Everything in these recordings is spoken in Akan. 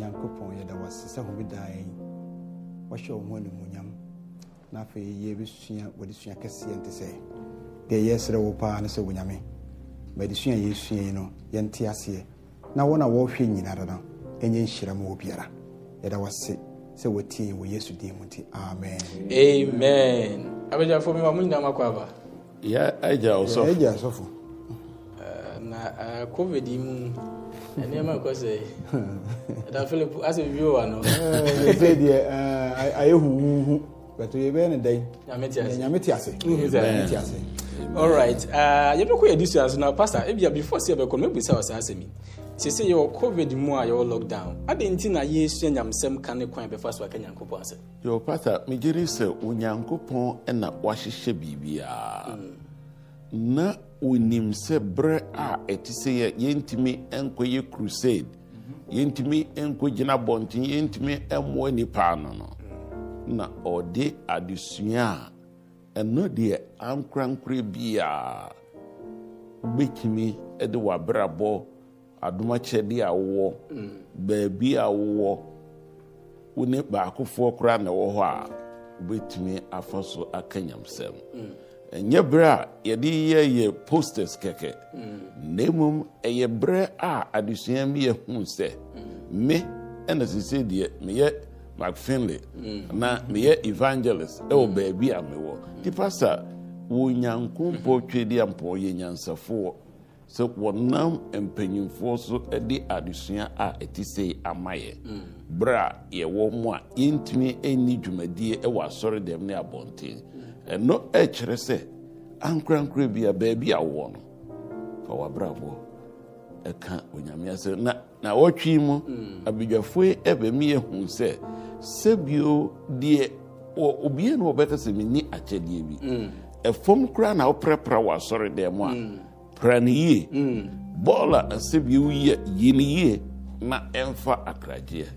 nyankopɔn yɛda wase sɛ homedaa yɛn wahyɛ wo ho animuonyam na afei yɛbɛsua wɔde sua kɛseɛ nte sɛ deɛ yɛsrɛ wo paa ne sɛ wonyame made sua yɛsua yi no yɛnte aseɛ na wɔn a wɔrehwɛ nyinara no ɛnyɛ nhyira ma wɔ yɛda wase sɛ wɔtie wɔ yesu din mu nti amen amen abagyafoɔ mi ma mo nyinaa makɔ aba yɛ agya ɔsɔfo eh, na eh, covid yi mu nneɛma ɛkɔ sɛ ɛda philip asɛ bi wɔ ano ɛfɛ deɛ ayɛ huhuhu bɛtɔ yɛbɛyɛ ne dɛn nyame te ase nyame te ase alright yɛbɛkɔ yɛ disua nso na pastor ebia before sɛ yɛbɛkɔ no mebisa wɔ saa asɛm yi sese yɛwɔ covid mu a yɛwɔ lockdown adɛn nti na yɛsua nyamsɛm ka ne kwan bɛfa so aka nyankopɔn asɛm yɛwɔ pastor megye ri sɛ onyankopɔn ɛna wahyehyɛ biribiaa na onim sɛ berɛ a ɛte sɛi yɛntumi nkɔyɛ crusade mhm. yɛntumi nkɔgyina bɔnten yɛntumi mmoa nnipa ano no mm. na ɔde adesua a ɛno deɛ ankorankora bia wobɛtumi de w'abrabɔ adomakyɛdeɛ a wowɔ mm. baabi a wowɔ wo ne baakofoɔ koraa ne wɔ hɔ a wobɛtumi afa so aka ɛnyɛ berɛ a yɛde yɛyɛ posters kɛkɛ na mmom ɛyɛ berɛ a adesua mi yɛhuu sɛ me ɛna sesei deɛ meyɛ macfinley na meyɛ evangelist ɛwɔ baabi a mewɔ nti pasa wɔ nyankompɔ mpɔ yɛ nyansafoɔ sɛ wɔnam mpanyimfoɔ so de adesua a ɛti sei ama yɛ berɛ a yɛwɔ mu a yɛntumi ɛnni dwumadie ɛwɔ asɔredɛm ne abɔnten ɛno ɛkyerɛ sɛ ankorankora bia baabi a wowɔ no fa wabrabɔ ɛka onyame asɛ na wɔtwii mu mm. abadwafoyi bami yɛhu sɛ sɛbio deɛ obia no wɔbɛka sɛ menni akyɛdeɛ bi mm. ɛfam koraa na woprɛprɛ wɔ asɔre dɛ mu a mm. pra ne yie bɔɔl a sɛbio woyia yie ne yie na ɛmfa akragyeɛ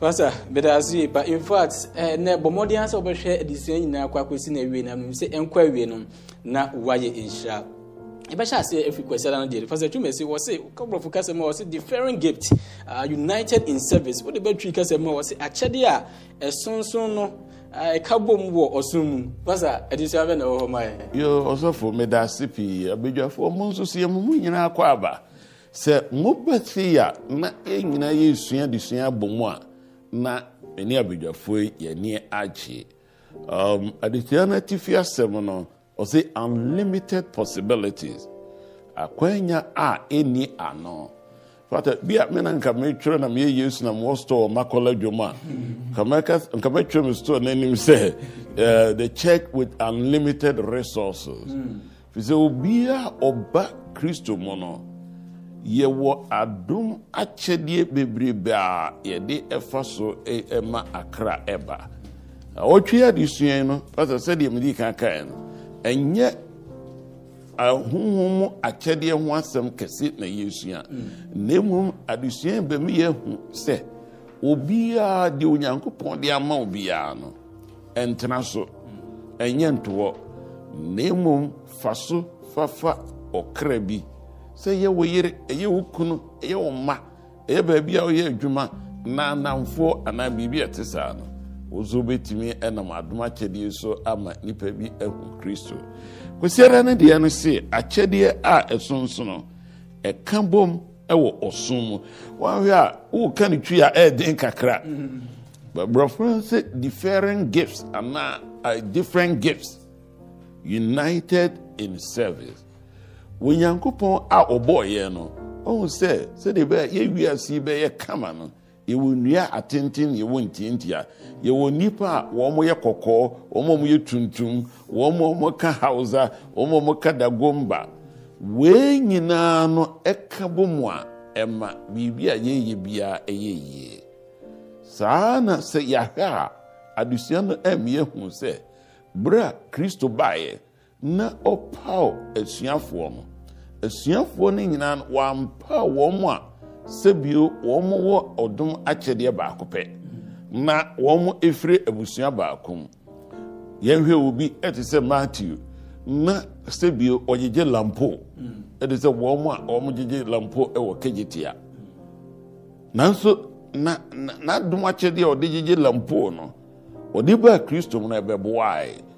fasa bɛda ase yie pa in fact ɛnɛ bɔ mmɔden asɛ wɔbɛhwɛ adesua nyinaa kɔ akɔsi na awie na mmom sɛ ɛnkɔ awie no na wayɛ nhyira yɛbɛhyɛ ase afiri kwasiada no deɛ fasa twuma se wɔse kɔborɔfo kasɛm a wɔse different gift uh, united in service wode bɛtwi kasɛm a wɔse akyɛdeɛ a ɛsonson no ɛka bom oh wɔ ɔsom mu fasa adesua bɛ na ɛwɔ hɔ ma yɛ yo ɔsɔfo meda pii abadwafoɔ mo nso seɛ mo mu nyinaa kɔ aba sɛ mobɛsi a na ɛnyina yɛ esua de sua abɔ mu a na ɛne abadwafoɔ yi yɛne agye um, adesua no atifi asɛm no ɔsɛ unlimited possibilities akwanya a ɛni ano fata bi a mena nka metwerɛ na meyɛ yesu na mewɔ store wɔ makɔla dwom a nka mɛtwerɛ me store no anim sɛ uh, the church with unlimited resources mm. firi sɛ obiaa ɔba kristo mu no yɛwɔ adom akyɛdeɛ bebrebe a yɛde ɛfa so e, ɛma akra ɛba awɔtwe adesua no pastor sɛdeɛ mede kakaeɛ no ɛnyɛ ahohom mu akyɛdeɛ ho asɛm kɛse na yɛsua na mmom adesua bɛmi yɛahu sɛ obiara deɛ onyankopɔn de ama wo biara no ɛntena so ɛnyɛ ntoɔ na mmom fa so fafa ɔkra bi sɛ ɛyɛ wo yere ɛyɛ wo kunu ɛyɛ wo mma ɛyɛ baabi a ɔyɛ adwuma na anamfoɔ anaa biribi a ɛte saa no wɔso bɛtumi ɛnam adom akyɛdeɛ so ama nipa bi ahu kristo kwasiara no deɛ no se akyɛdeɛ a ɛsonso no ɛka bom ɛwɔ ɔsom mu wɔahwɛ a woka no twi a ɛɛden kakra borɔfo no sɛ different gifts anaa uh, different gifts united in service onyankopɔn a ɔbɔɔyɛ no ɔhu sɛ sɛdeɛ bɛa yɛwiase yi bɛyɛ kama no yɛwɔ nnua atenten yɛwɔ ntiantia yɛwɔ nnipa a wɔn yɛ kɔkɔɔ wɔn a yɛ tuntum wɔn a wɔka hausa wɔn a wɔka dagomba wei nyinaa no ɛka bɔ mu a ɛma biribi a yɛyɛ biara ɛyɛ yie saa na sɛ yɛahwɛ a adesua no ɛmmeɛ hu sɛ berɛ a kristo baeɛ na ɔpaw asuafoɔ no asuafoɔ no nyinaa no wampa wɔn a sɛbio wɔn wɔ ɔdom akyɛdeɛ baako pɛ na wɔn efiri abusua baako mu yɛnhwɛ obi ɛte sɛ matthew na sɛbio ɔgyegye lampo ɛte sɛ wɔn a wɔn gyegye lampo ɛwɔ kegitia nanso na na na n'adom akyɛdeɛ a ɔde gyegye lampo no ɔde baa kristo mu na ɛbɛboae.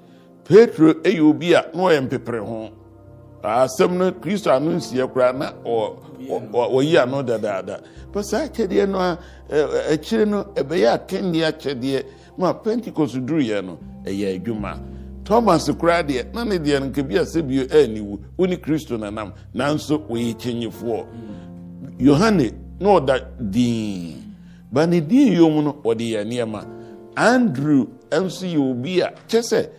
petro yɛ obi a na ɔyɛ mpepere ho asɛm no kristo ano nsiɛ koraa na ɔyi ano dadaada pɛ saa akyɛdeɛ no a akyire no ɛbɛyɛ atenneɛ akyɛdeɛ ma pentecost duruiɛ no ɛyɛ adwuma thomas koraa deɛ na ne deɛ no nkabi a sɛbio ani wu wo ne kristo nanam nanso wɔyɛ kyɛnyifoɔ yohane na ɔda dii ba ne dii yom no ɔde yɛ nneɛma andrew nso yɛ obi a kyɛ sɛ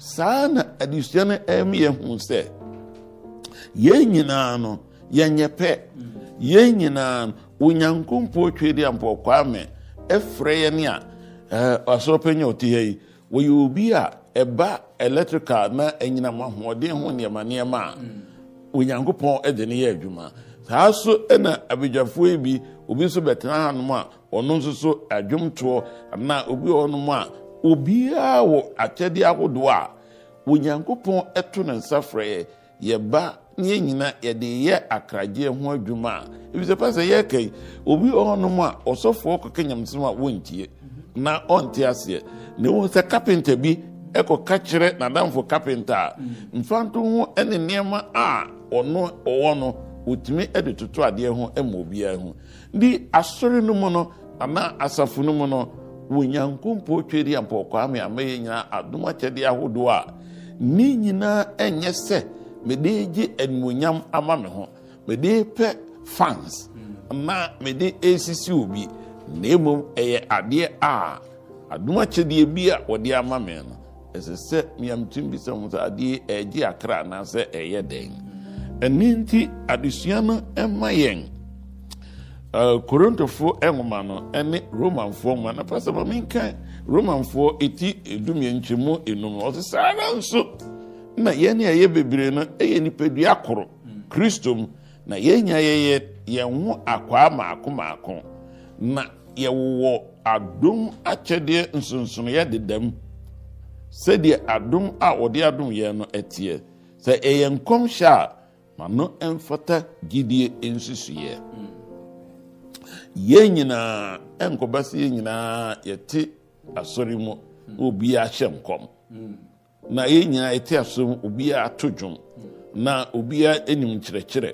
saa na adesua no ɛm yɛhu sɛ yɛn nyinaa no yɛnyɛ pɛ yɛn nyinaa no onyankopɔn twe de ampɔkwaame ɛfrɛ yɛ ne a ɔsoro pɛnya ɔte hɛ yi wɔyɛ obi a ɛba electrical na anyinam ahoɔden ho nneɛma nneɛma a onyankopɔn ɛde ne yɛ adwuma saa so ɛna abadwafoɔ yi bi obi nso bɛtena hanom a ɔno nso so adwomtoɔ anaa obi wɔ hɔnom a obiara wɔ akyɛdeɛ ahodoɔ a onyankopɔn ɛto ne nsa frɛ yɛba ne yɛn nyinaa yɛde yɛ akragyeɛ ho adwuma a ebi sɛ pɛsɛ yɛka yi obi ɔnom a ɔsɔfoɔ kɔka nyamsɛm a wɔntie na ɔnte aseɛ na ewu sɛ kapenta bi ɛkɔka kyerɛ n'adamfo kapenta a mfanto ho ɛne nneɛma a ɔno ɔwɔ no otumi ɛde toto adeɛ ho ɛma obiara ho di asɔre no mu no anaa asafo no mu no. onyankopɔn twɛri ampɔkwame a mɛyɛ nyinaa adom akyɛdeɛ ahodoɔ a ne nyinaa ɛnyɛ sɛ mede gye animonyam ama me ho mede pɛ fans ma mede ɛsisi obi na mmom ɛyɛ adeɛ a adom akyɛdeɛ bi a wɔde ama me no ɛsɛ sɛ meamtim bi sɛ sɛ adeɛ ɛgye akra anaasɛ ɛyɛ dɛn ɛno nti adesua no ɛma yɛn Uh, korontofoɔ nwoma no ne romanfoɔ nwoma na pastor maame nkan romanfoɔ eti edumiɛ nkyɛmu enum ɔsi saa na nso na yɛn ni ɛyɛ bebree no ɛyɛ nipadua koro kristo mu na yɛn nyɛ yɛyɛ yɛn ho akwaa maako maako na yɛwɔ adom akyɛdeɛ nsonsonoeɛ dedam sɛdeɛ adum a wɔde adom yɛn no ɛteɛ sɛ ɛyɛ nkɔmhyɛ a ma no mfata gyidie nsusueɛ. Mm. yɛn nyinaa yɛn nyinaa yɛte asɔre mu na obiara ahyɛ nkɔm na yɛn nyinaa yɛte asɔre mu obiara ato dwom na obiara anim kyerɛkyerɛ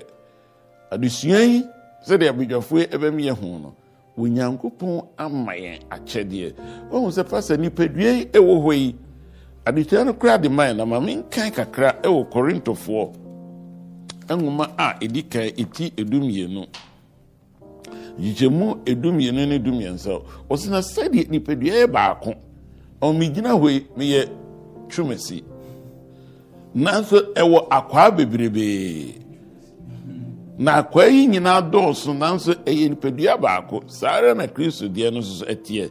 adesua yi sɛdeɛ abadwafoɔ ɛbɛm yɛ ho no onyankopɔn ama yɛn akyɛdeɛ wɔn sɛ pasa nipadua yi ɛwɔ hɔ yi adesua no koraa de man na maame nkan kakra nwoma a ɛdi gyikyɛmu ɛdumienu no dumiɛnsa ɔsena sɛdeɛ nnipadua yɛ baako ɔmegyina hɔ yi meyɛ twumasi nanso ɛwɔ akwaa bebrebee na akwaa yi nyinaa dɔɔso nanso ɛyɛ nnipadua baako saa ara na kristo deɛ no nsoso ɛteɛ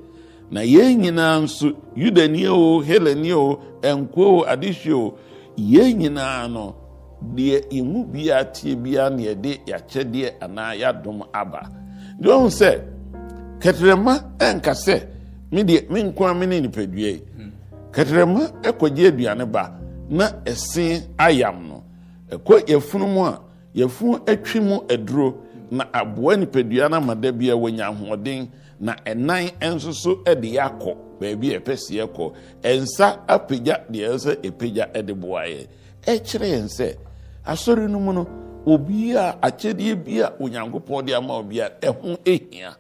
na yɛn nyinaa nso yudaniɛ o helaniɛ o ɛnko o adehwe o yɛn nyinaa no deɛ ɛmu biaa teɛ biara ne yɛde yɛakyɛdeɛ anaa yɛadom aba deɛ sɛ kɛtrɛma ɛnka sɛ medeɛ menko a me ne nipaduai hmm. kɛtrɛma ɛkɔgye aduane ba na ɛse ayam no ɛkɔ yɛfunu mu a yɛfunu atwi mu aduro na aboa nipadua no ama na ɛnan nso so de baabi a ɛpɛ sɛ yɛkɔ apagya deɛ ɛsɛ ɛkyerɛ yɛn sɛ asɔre obi a akyɛdeɛ bi a onyankopɔn de ama obi a ɛho ehia.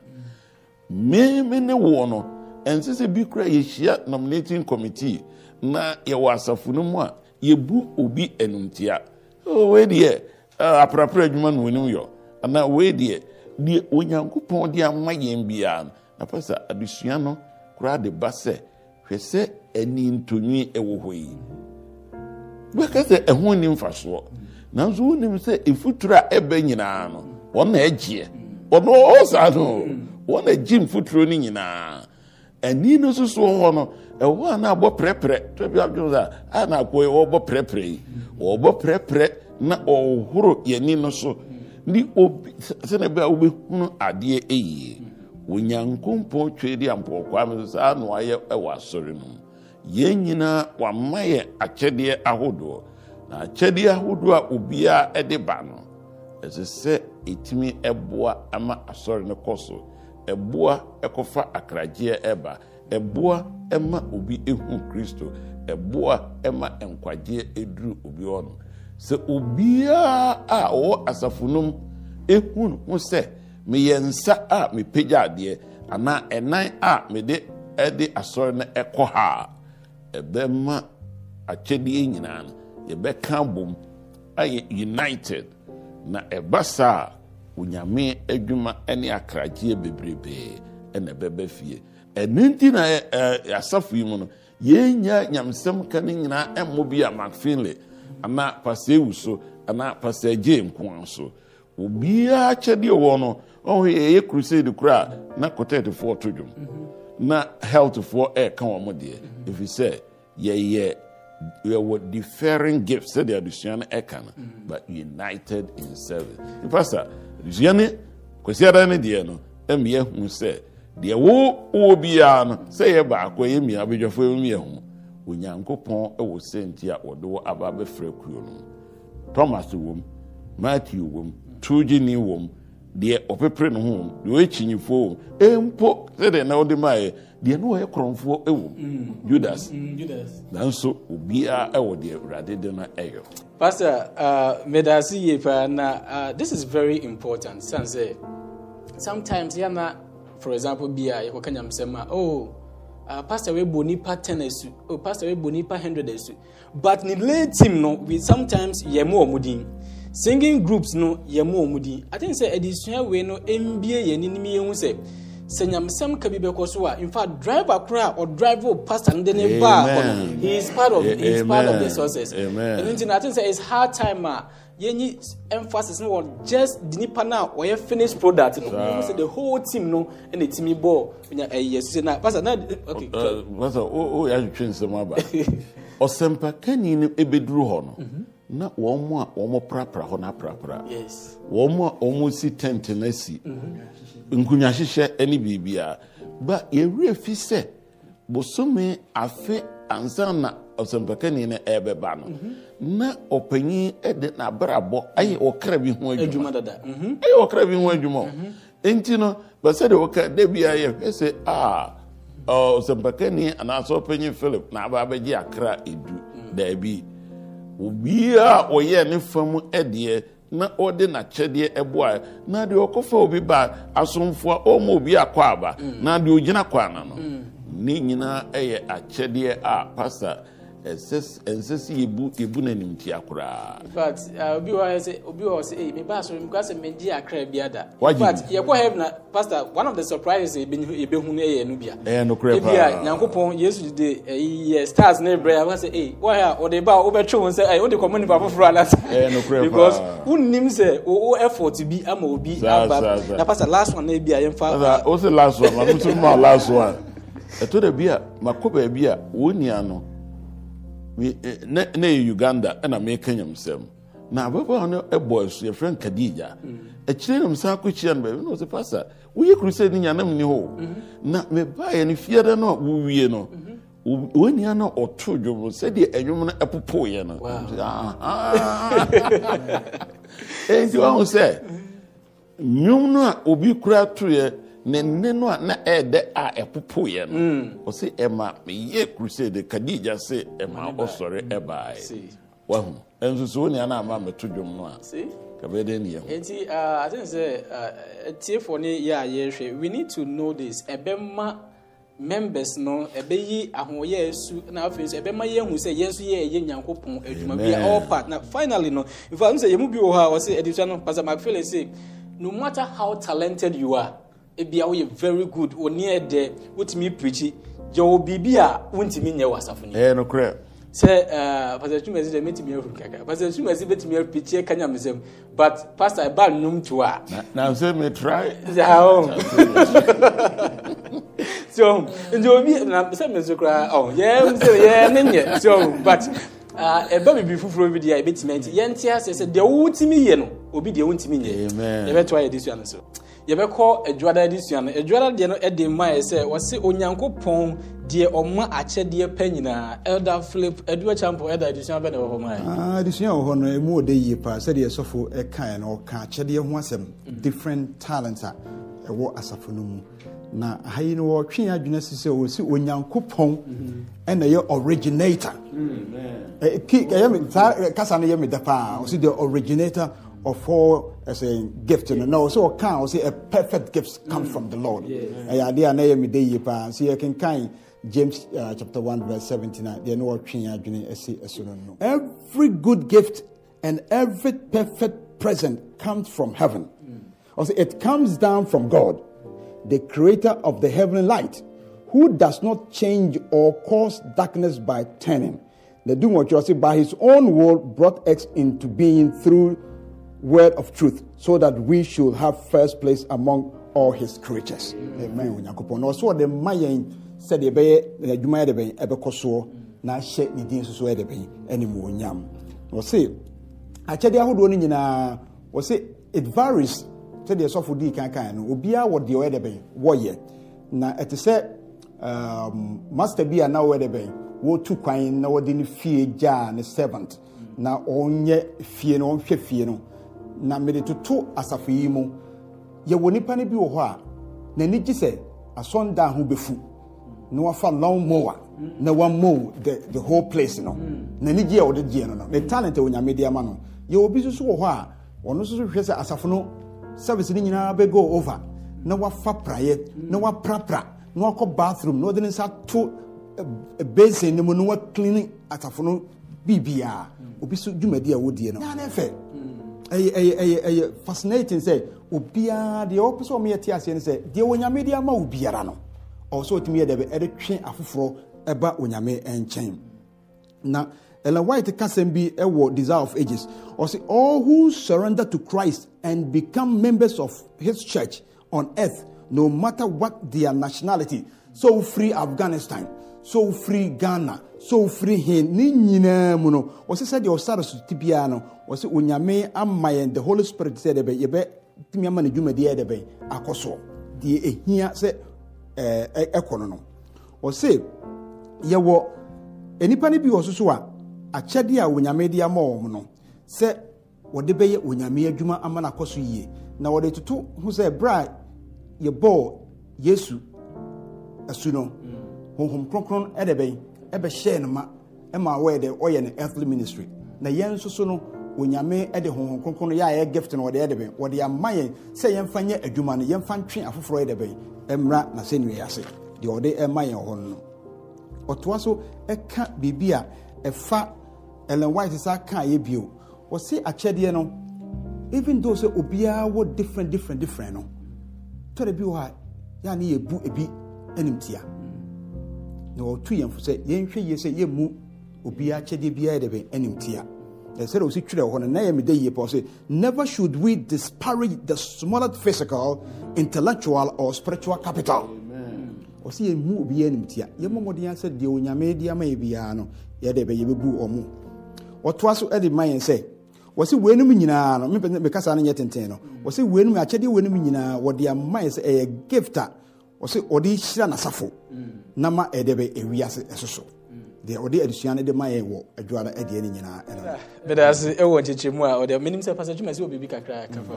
meme ne woɔ no ɛnsɛ sɛ bi koraa yɛhyia nominating committee na yɛwɔ asafo no mu a yɛbu obi animtia oh, wei deɛ aprapra adwuma no wɔnim yɔ anaa wei deɛ deɛ onyankopɔn de ama yɛn biara no na pɛ sɛ adesua no koraa de ba sɛ hwɛ sɛ ani ntoni ɛwɔ hɔ yi bɛka sɛ ɛho ni mfasoɔ nanso wonim sɛ ɛfuturo a ebe nyinaa ni nyinaa soso a na abɔ prɛprɛ a na akɔ yɛ wɔbɔ prɛprɛ yi wɔbɔ prɛprɛ na ɔhoro yɛni no so ndị obi a adeɛ di ampɔkwa mi saa na wayɛ ɛwɔ asɔre no yɛn nyinaa wama yɛ akyɛdeɛ ahodoɔ. na akyɛdeɛ ahodoɔ a obiara ɛde ba no ɛsɛ sɛ ɛtumi ɛboa ama asɔre no kɔ so ɛboa ɛkɔfa akragyeɛ ɛba ɛboa ɛma obi ehu kristo ɛboa ɛma nkwagyeɛ eduru obi hɔ no sɛ obiara a ɔwɔ asafo nom ehu no ho sɛ meyɛ nsa a mepagya adeɛ anaa ɛnan a mede ɛde asɔre no ɛkɔ ha ɛbɛma akyɛdeɛ nyinaa no. yɛbɛka abom ayɛ united na ɛba saa onyame adwuma ne akragyeɛ bebrebee ɛna ɛbɛbɛ fie ɛno nti na asafo yi mu no yɛnya nyamsɛm ka no nyinaa ɛmmɔ bi a macfinley anaa pasɛ ewu so anaa pasɛ agye nkoa so obiara kyɛdeɛ wɔ no ɔho yɛyɛ crusade kora a na kɔtɛtefoɔ to dwom mhm. na healthfoɔ ɛɛka wɔn deɛ ɛfiri sɛ yɛyɛ yɛwɔ differing gift sɛdeɛ adesua no ɛka no but united in service mpasa adesua ne kwasiada no deɛ no ɛmi yɛhu sɛ deɛ wo wɔ biara no sɛ yɛ baako yɛ mmea abadwafo yɛ mmea ho onyankopɔn wɔ senti a wɔde wɔ aba abɛfrɛ kuo no thomas wɔm matthew wɔm trojini wɔm deɛ ɔpepere ne ho deɛ ɔyɛ kyinyifoɔ eh, mpo sɛdeɛ na ɔde maa yɛ deɛ na ɔyɛ korɔnfoɔ eh, wɔ mm. Mm, judas nanso obiara wɔ deɛ awurade de no ɛyɛ. pastor uh, medase yie paa na uh, this is very important san sɛ sometimes yana for example bi a yɛkɔka nyamsɛm a oh uh, pastor wey bo nipa ten esu oh pastor wey bo nipa hundred esu but ne late team no we sometimes yɛ mu ɔmo din singing groups no yɛ mu ɔmo din aten sɛ adesua wei no mbie yɛn anim yɛn ho sɛ sɛ nyamesɛm ka bi bɛkɔ so a in fact driver kora a ɔdrive o pastor no de ne ba akɔ no he is part of he is part of the success ɛno nti na aten sɛ it's hard time a yɛnyi emphasis no wɔ just di nipa no a ɔyɛ finished product no ɔmo sɛ the whole team no ɛna timi bɔ ɛyɛ ɛsɛ na pastor na okay. Uh, uh, pastor o o yɛ atwitwe nsɛm aba ɔsɛmpa kani no ebeduru hɔ no. Mhm. na wɔn mu a wɔn prapra hɔ naprapra wɔn mu a wɔn si tent na si nkonnwa hyehyɛ ne biribiara ba yɛwerɛ fi sɛ bosome afe ansa na ɔsɛmpakani na ɛrebɛba no na ɔpanyin de n'abrabɔ ayɛ ɔkra bi ho adwuma mhm. ayɛ ɔkra bi ho adwuma nti no bɛsɛdeɛ ɔka da biara yɛhwɛ sɛ a ɔsɛmpakani anaasɛ ɔpanyin philip na aba abɛgye akra edu daabi obiaa ɔyɛ ne fam ɛdeɛ na ɔde n'akyɛdeɛ ɛboa na deɛ ɔkɔfa obi ba asomfoa ɔma obi akɔ aba na deɛ ɔgyina kɔ ana no mm. ne nyinaa ɛyɛ akyɛdeɛ a pasa ɛnsɛ sɛ yɛbu no animtia koraa uh, obi wɔ sɛ meba asɔre mu kasɛ megye akra bia da but yɛkɔ heaven a pastor one of the surprises ebe no ɛyɛ no bia ɛyɛ nokorɛ paa nyankopɔn yesu de ɛyɛ stars ne brɛ a sɛ ei wɔhɛ a wɔde ba a wobɛtwe wo sɛ wode kɔmmɔ nipa foforɔ anasa ɛyɛ nokorɛ because wonnim sɛ wo effort bi ama obi aba na pastor last one na bi a yɛmfa wo sɛ last one ma no nso last one ɛtɔ da bi a makɔ baabi a Eh, na ɛyɛ uganda ɛna meka nyamsɛm na ababaawa no ɛbɔ ɛso yɛfrɛ nkadija mm. akyire nam saa akɔkyia no baabi na ɔsɛ pasa woyɛ krusade no nyanam ni hɔ mm-hmm. na mebaeɛ no fiada no a wowie no mm-hmm. wɔn nyinaa na ɔto dwom no sɛdeɛ ɛnwom no ɛpopoeɛ no ɛnti wahu sɛ mm-hmm. nnwom no a obi kora toeɛ ne nne no a na ɛɛdɛ a ɛpopoeɛ no mm. ɔse ɛma meyɛ crusade kadigya se ɛma ɔsɔre ɛbaeɛ wahu ɛnso so wo nea na ama meto dwom no a kabɛdɛ ne yɛho nti i think sɛ atiefoɔ ne yɛ a yɛrehwɛ we need to know this ɛbɛma members no ɛbɛyi ahoɔyɛ su na afei nso ɛbɛma yɛn hu sɛ yɛn nso yɛ ɛyɛ nyankopɔn adwuma bi a ɔɔpa na finally no nfa n sɛ yɛn mu bi wɔ hɔ a wɔsɛ adisua no pastor mcphail say no matter how talented you are ebi a woyɛ very good oni ɛdɛ wotumi pirikyi gye wo biribi a wontumi nyɛ wɔ asafo ni. ɛɛ nokorɛ. sɛ ɛɛ eh, pastor tumasi dɛ metumi afiri kaka pastor tumasi betumi apirikyi ɛka nya mesɛm but pastor ɛba num to a. na se me try. yaho oh. so nti obi na sɛ me nso koraa ɔ oh, yɛn sɛ yɛn ne nyɛ so but ah, ɛba bibi foforɔ bi deɛ ebetumi ɛnti yɛn ti ase sɛ deɛ wotumi yɛ no obi deɛ wontumi nyɛ yɛbɛto ayɛ de su ano so yɛbɛkɔ adwada de sua no adwada deɛ no de mmaeɛ sɛ wɔse onyankopɔn deɛ ɔma akyɛdeɛ pa nyinaa elda philip adua champo ɛda adesua bɛ ne wɔ hɔ ma ah, adesua wɔ hɔ no ɛmu ɔda yie paa sɛdeɛ sɔfo ɛkaeɛ no ɔka akyɛdeɛ ho asɛm mm. different talent a ɛwɔ asafo no mu na ha yi no wɔtwe adwene si sɛ wɔsi onyankopɔn mm-hmm. ɛna ɛyɛ originator mm, ɛyɛ me saa kasa no yɛ me da paa ɔsi deɛ originator ɔfo a gift no na ɔsɛ ɔka see a perfect gift come mm. from the lord ɛyɛ adeɛ a na yɛ james uh, chapter one verse seventeen every good gift and every perfect present comes from heaven ɔsɛ mm. it comes down from god the creator of the heavenly light who does not change or cause darkness by turning. The doom of Joseph by his own will brought X into being through word of truth so that we should have first place among all his creatures. Amen. Onyankopɔn na ɔsɛ ɔde mma yɛn sɛdeɛ ɛbɛyɛ eh, adwuma yɛ de bɛn ɛbɛkɔ soɔ na ahyɛ ne din soso yɛ de bɛn ɛne mu onyam. Wɔse akyɛdeɛ ahodoɔ no nyinaa wɔse it varies sɛdeɛ sɔfo dii kankan no obiara wɔ deɛ ɔyɛ de bɛn wɔyɛ na ɛte sɛ um, master bi a na ɔyɛ de bɛn wɔtu kwan na wɔde ne fie gyaa ne servant na ɔnyɛ fie no ɔnhwɛ fie no na mede toto asafo yi mu yɛwɔ nipa no bi wɔ hɔ a n'ani gye sɛ asɔndan ho bɛfu na wafa long mower na wamow the the whole place no n'ani gye a wɔde gyeɛ no no ne talent a onyame de ama no yɛwɔ bi nso wɔ hɔ a ɔno nso hwɛ sɛ asafo no service no nyinaa bɛgo over na wafa praeɛ na waprapra na wakɔ bathroom na ɔde ne nsa to eh, basin no mu na waclean asafo no biribiaa obi so dwumadi a wɔdie no na ne ɛyɛ ɛyɛ ɛyɛ ɛyɛ fascinating sɛ obiara deɛ ɔpɛ sɛ ɔmo yɛ te aseɛ no sɛ deɛ onyame de ama obiara no ɔwɔ sɛ ɔtumi yɛ dɛbɛ ɛde twe afoforɔ ɛba onyame nkyɛn na Ellen White Kasem be a desire of ages. Or say, all who surrender to Christ and become members of his church on earth, no matter what their nationality. So free Afghanistan, so free Ghana, So ofiri he ne nyinaa mu no wɔsɛ sɛdeɛ ɔsare so te biara no wɔsɛ onyame ama yɛn the holy spirit sɛ dɛbɛ yɛbɛtumi ama no dwumadeɛ dɛbɛ akɔ soɔ deɛ ɛhia sɛ ɛkɔ no no ɔse yɛwɔ nnipa no bi wɔ so so a akyɛdeɛ a onyame de ama wɔn no sɛ wɔde bɛyɛ onyame adwuma ama no akɔ yie na wɔde toto ho sɛ berɛ a yɛbɔɔ yesu asu no honhom kronkron ɛdɛ bɛn ɛbɛhyɛɛ no ma ma wɔyɛ dɛ ɔyɛ no earthly ministry na yɛn nso so no onyame de honhom kronkron no yɛ a yɛ gift no wɔde yɛ de bɛn wɔde ama yɛn sɛ yɛmfa nyɛ adwuma no yɛmfa ntwe afoforɔ yɛ de bɛn mmra na sɛ nnua ase deɛ ɔde ɛma yɛn hɔ no ɔtoa so ɛka biribi a ɛfa ɛlɛn white sa kaa yɛ bio wɔsi akyɛdeɛ no even though sɛ obiara wɔ different different different no tɔrɔ bi wɔ ha yɛ a yɛ bu ebi anim tia na wɔtu yɛn fo sɛ yɛnhwɛ yie sɛ yɛmmu obiara kyɛdeɛ biara yɛ dɛbɛn anim tia ɛsɛ dɛ wɔsi twerɛ hɔ no na yɛ mi dɛ yie pɔ sɛ never should we disparage the smallest physical intellectual or spiritual capital wɔsi yɛmmu obiara anim tia yɛmmɔ mmɔden asɛ deɛ onyame de ama yɛ biara no yɛ dɛ bɛ yɛbɛbu ɔmo wɔtoa so ɛde ma yɛn sɛ wɔsi wɛnum nyinaa no mekasa no nyɛ tenten no wɔsi wɛnum akyɛdeɛ wɛnum nyinaa wɔde ama yɛ sɛ ɛyɛ gift ɔsɛ ɔde hyira n'asafo na ma ɛde bɛ ewiase ɛsoso deɛ ɔde adusua no de ma yɛ wɔ adwuma no ɛdeɛ no nyinaa ɛna. bɛda ase ɛwɔ nkyekyɛmu a ɔde menim sɛ pasɛ twuma sɛ ɔbiribi kakra ka fa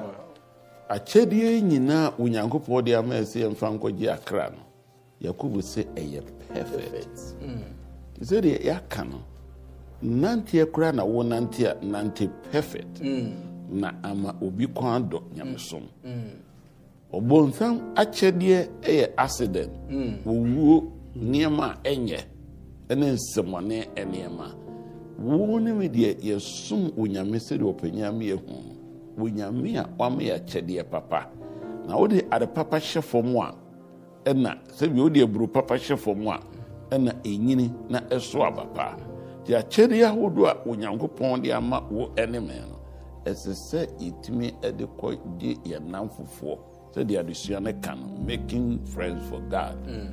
akyɛdeɛ nyinaa onyankopɔn de ama ɛsɛ yɛmfa nkɔgye akra no yakobo sɛ ɛyɛ perfect mm. nti sɛdeɛ yɛaka no nanteɛ koraa na wo nante a nante perfect mm. na ama obi kwan dɔ nyamesom mm. ɔbɔnsam akyɛdeɛ yɛ accident hmm. wɔwuo nneɛma a ɛnyɛ ne nsɛmmɔne nneɛma wo ne me deɛ yɛsom onyame sɛdeɛ ɔpanyame yɛhu onyame a wama yɛ akyɛdeɛ papa na wode ade papa hyɛ fam a ɛna sɛbi wode aburo papa hyɛ fam a ɛna ɛnyini na ɛso aba paa nti akyɛdeɛ ahodoɔ a onyankopɔn de ama wo ne me no ɛsɛ sɛ yɛtumi de kɔ gye yɛnam fofoɔ sɛdeɛ adesua no ka no making friends for god mm.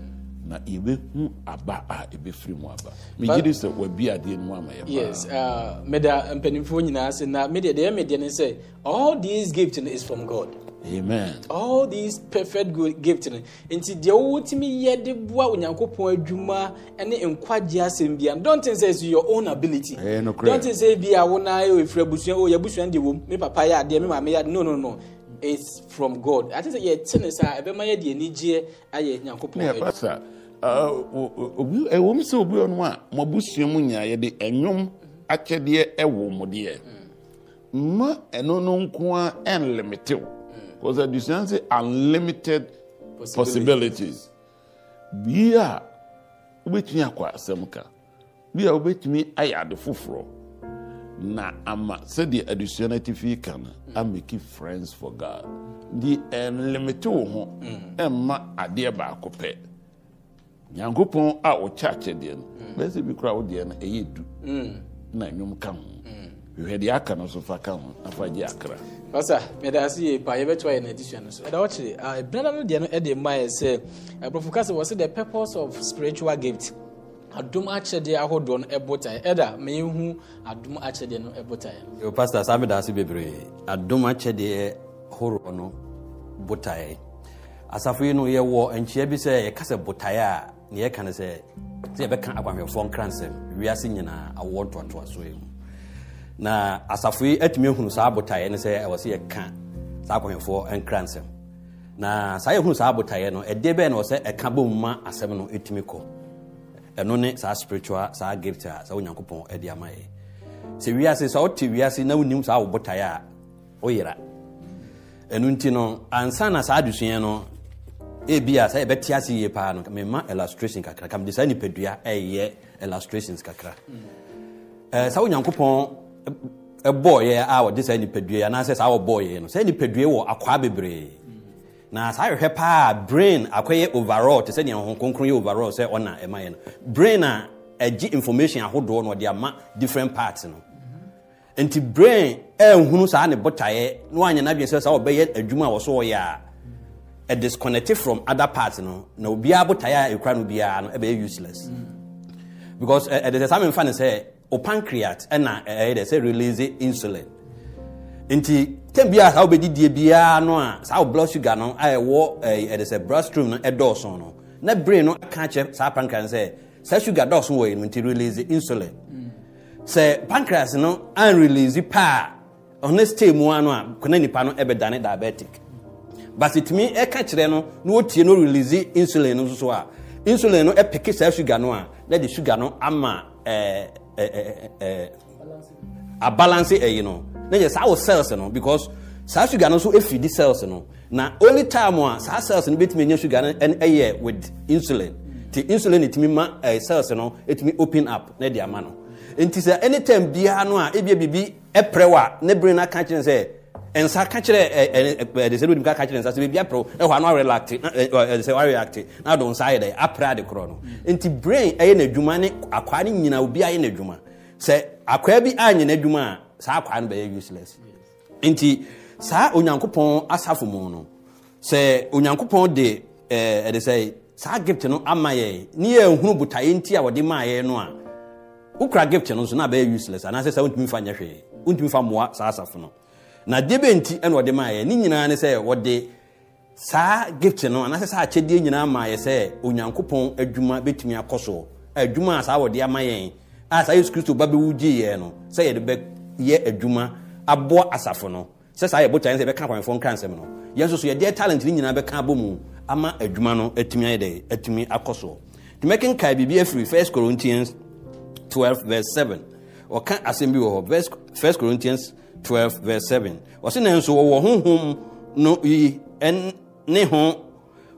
na yɛbɛhu aba a ɛbɛfiri mu aba megye di sɛ wabi adeɛ no mu ama yɛ yes uh, meda mpanimfoɔ nyinaa se na medeɛ deɛ medeɛ ne sɛ all these gift no is from god Amen. All these perfect good gift no. Nti deɛ wotumi yɛ de boa Onyankopɔn adwuma ne nkwagye asɛm bia. Don't think say it's your own ability. Hey, no Don't think say bia wo na yɛ ofiri abusua o yɛ abusua deɛ wɔ mu. Me papa yɛ adeɛ, me maame yɛ adeɛ. No no no is from God. I think yɛ ti ne sa ɛbɛ ma yɛ eh, di anigyeɛ ayɛ nyankopɔn ɛdi. pasa obi ɛwɔ mu sɛ obi ɔno a mo abusua mu nyinaa yɛde ɛnwom akyɛdeɛ ɛwɔ mo deɛ mma ɛno no nko a ɛnlimitew mm. because adusua uh, sɛ unlimited possibilities bi a wobɛtumi akɔ asɛm ka bi a wobɛtumi ayɛ ade foforɔ na ama sɛdeɛ adesua no atifi ka no ameki friends for god de eh, ɛnlemete wo ho mm. ɛmma adeɛ baako pɛ nyankopɔn a ɔkyɛ akyɛdeɛ no mm. bɛɛ sɛ bi koraa wo deɛ no ɛyɛ du mm. na nnwom ka ho hwehwɛ deɛ aka no so fa ka ho na fa gye akra pasa medase yɛ pa yɛbɛtoa yɛ noadesua no so ɛda wokyere ah, berada no deɛ no ɛde mmaeɛ sɛ aborɔfo ka sɛ wɔ sɛ the purpose of spiritual gift adom akyɛdeɛ ahodoɔ no botae ɛda mehu adom akyɛdeɛ no botae pastor saa medaase bebree adom akyɛdeɛ horoɔ no botae asafo yi no yɛwɔ nkyea bi sɛ yɛka sɛ botae a ne yɛka no sɛ sɛ yɛbɛka akwanhwɛfoɔ nkransɛm wiase nyinaa awoɔ ntoantoasoɔ mu na asafo yi atumi ahunu saa botaeɛ no sɛ ɛwɔ sɛ yɛka saa akwanhwɛfoɔ nkra na saa yɛhunu saa botaeɛ no ɛdeɛ bɛɛ na ɔ sɛ ɛka bɔ ma asɛm no ɛtumi kɔ ɛno ne saa spiritual saa gift a saa onyankopɔn ɛde ama yɛ sɛ wiase sɛ wote wiase na wonim saa wo botaeɛ a woyera ɛno nti no ansa na saa adesua no ebia sɛ yɛbɛte ase yie paa no mema illustration kakra kamde saa nipadua ɛyɛ illustrations kakra saa onyankopɔn ɛbɔɔyɛ a wɔde saa nipadua anaasɛ saa wɔbɔɔyɛ no saa nipadua wɔ akwaa bebree na saa ahwehwɛ paa brain akɔyɛ overall te sɛ deɛ ho kronkron yɛ overall sɛ ɔna ɛma yɛ no brain a ɛgye information ahodoɔ no ɔde ama different parts no nti brain ɛnhunu saa ne botaeɛ na wanyɛ n'adwene sɛ saa ɔbɛyɛ adwuma a wɔso ɔyɛ a ɛdisconnected from other parts no na obiara botaeɛ a ekura no biara no ɛbɛyɛ useless because ɛde sɛ saa mi nfa ne sɛ opancreas ɛna ɛyɛ dɛ sɛ release insulin nti tẹm bi a saa wobɛdi die biara no a saa wo blood sugar no a ɛwɔ ɛde sɛ bloodstream no ɛdɔɔso no na brain no aka kyerɛ saa pancreas sɛ saa sugar dɔɔso wɔ yɛ no nti release insulin sɛ pancreas no unrelease paa ɔno stay mu ano a kɔnɛ nipa no ɛbɛdane diabetic but ɛka kyerɛ no na wɔtie no release insulin no nso a insulin no ɛpeke saa sugar no a na de sugar no ama ɛɛ ɛɛ ɛɛ abalanse ɛyi no na yɛ saa wɔ cells no because saa sugar no nso ɛfiri di cells no na only time a saa cells no bɛtumi anya sugar no ɛyɛ with insulin nti insulin no tumi ma ɛɛ eh, cells no ɛtumi open up na ɛde ama no nti sɛ anytime biara no a ebi ebibi ɛprɛ wɔ ne brain aka kyerɛ sɛ nsa ka kyerɛ ɛ ɛ ɛ de sɛ ɛdodum ka ka kyerɛ nsa sɛ beebi aprɛ ɛhɔ ano areacte na ɛ eh, ɛ sɛ wareacte na do nsa ayɛ dɛ aprɛ ade korɔ no nti brain ɛyɛ n'adwuma ne akwaa ne nyinaa obi ayɛ n'adwuma sɛ akwaa bi anyɛ n'adwuma a saa kwa no bɛyɛ useless nti saa onyankopɔn asafo mu no sɛ onyankopɔn de eh, ɛde sɛ saa gift no ama yɛ ne yɛ nhunu botaeɛ nti a wɔde maa yɛ no a wokura gift no nso na bɛyɛ useless anaasɛ saa wontumi fa nyɛ hwee wontumi fa mmoa saa asafo no na deɛ bɛ nti ɛna wɔde maa yɛ ne nyinaa ne sɛ wɔde saa gift no anaasɛ saa akyɛdeɛ nyinaa maa yɛ sɛ onyankopɔn adwuma bɛtumi akɔ soɔ adwuma a saa wɔde ama yɛn a saa yesu kristo ba bɛwu gyeeɛ no sɛ yɛde bɛ yɛ adwuma aboa asafo no sɛ saa yɛbota yɛn sɛ yɛbɛka akwanfoɔ nkra nsɛm no yɛn nso so yɛdeɛ talent no nyinaa bɛka abɔ mu ama adwuma no atumi ayɛ dɛ atumi akɔ soɔ tumɛkenkae biribi afiri first corinthians twelve verse seven ɔka asɛm bi wɔ hɔ first corinthians twelve verse seven. ɔse nanso wɔwɔ honhom no yi ne ho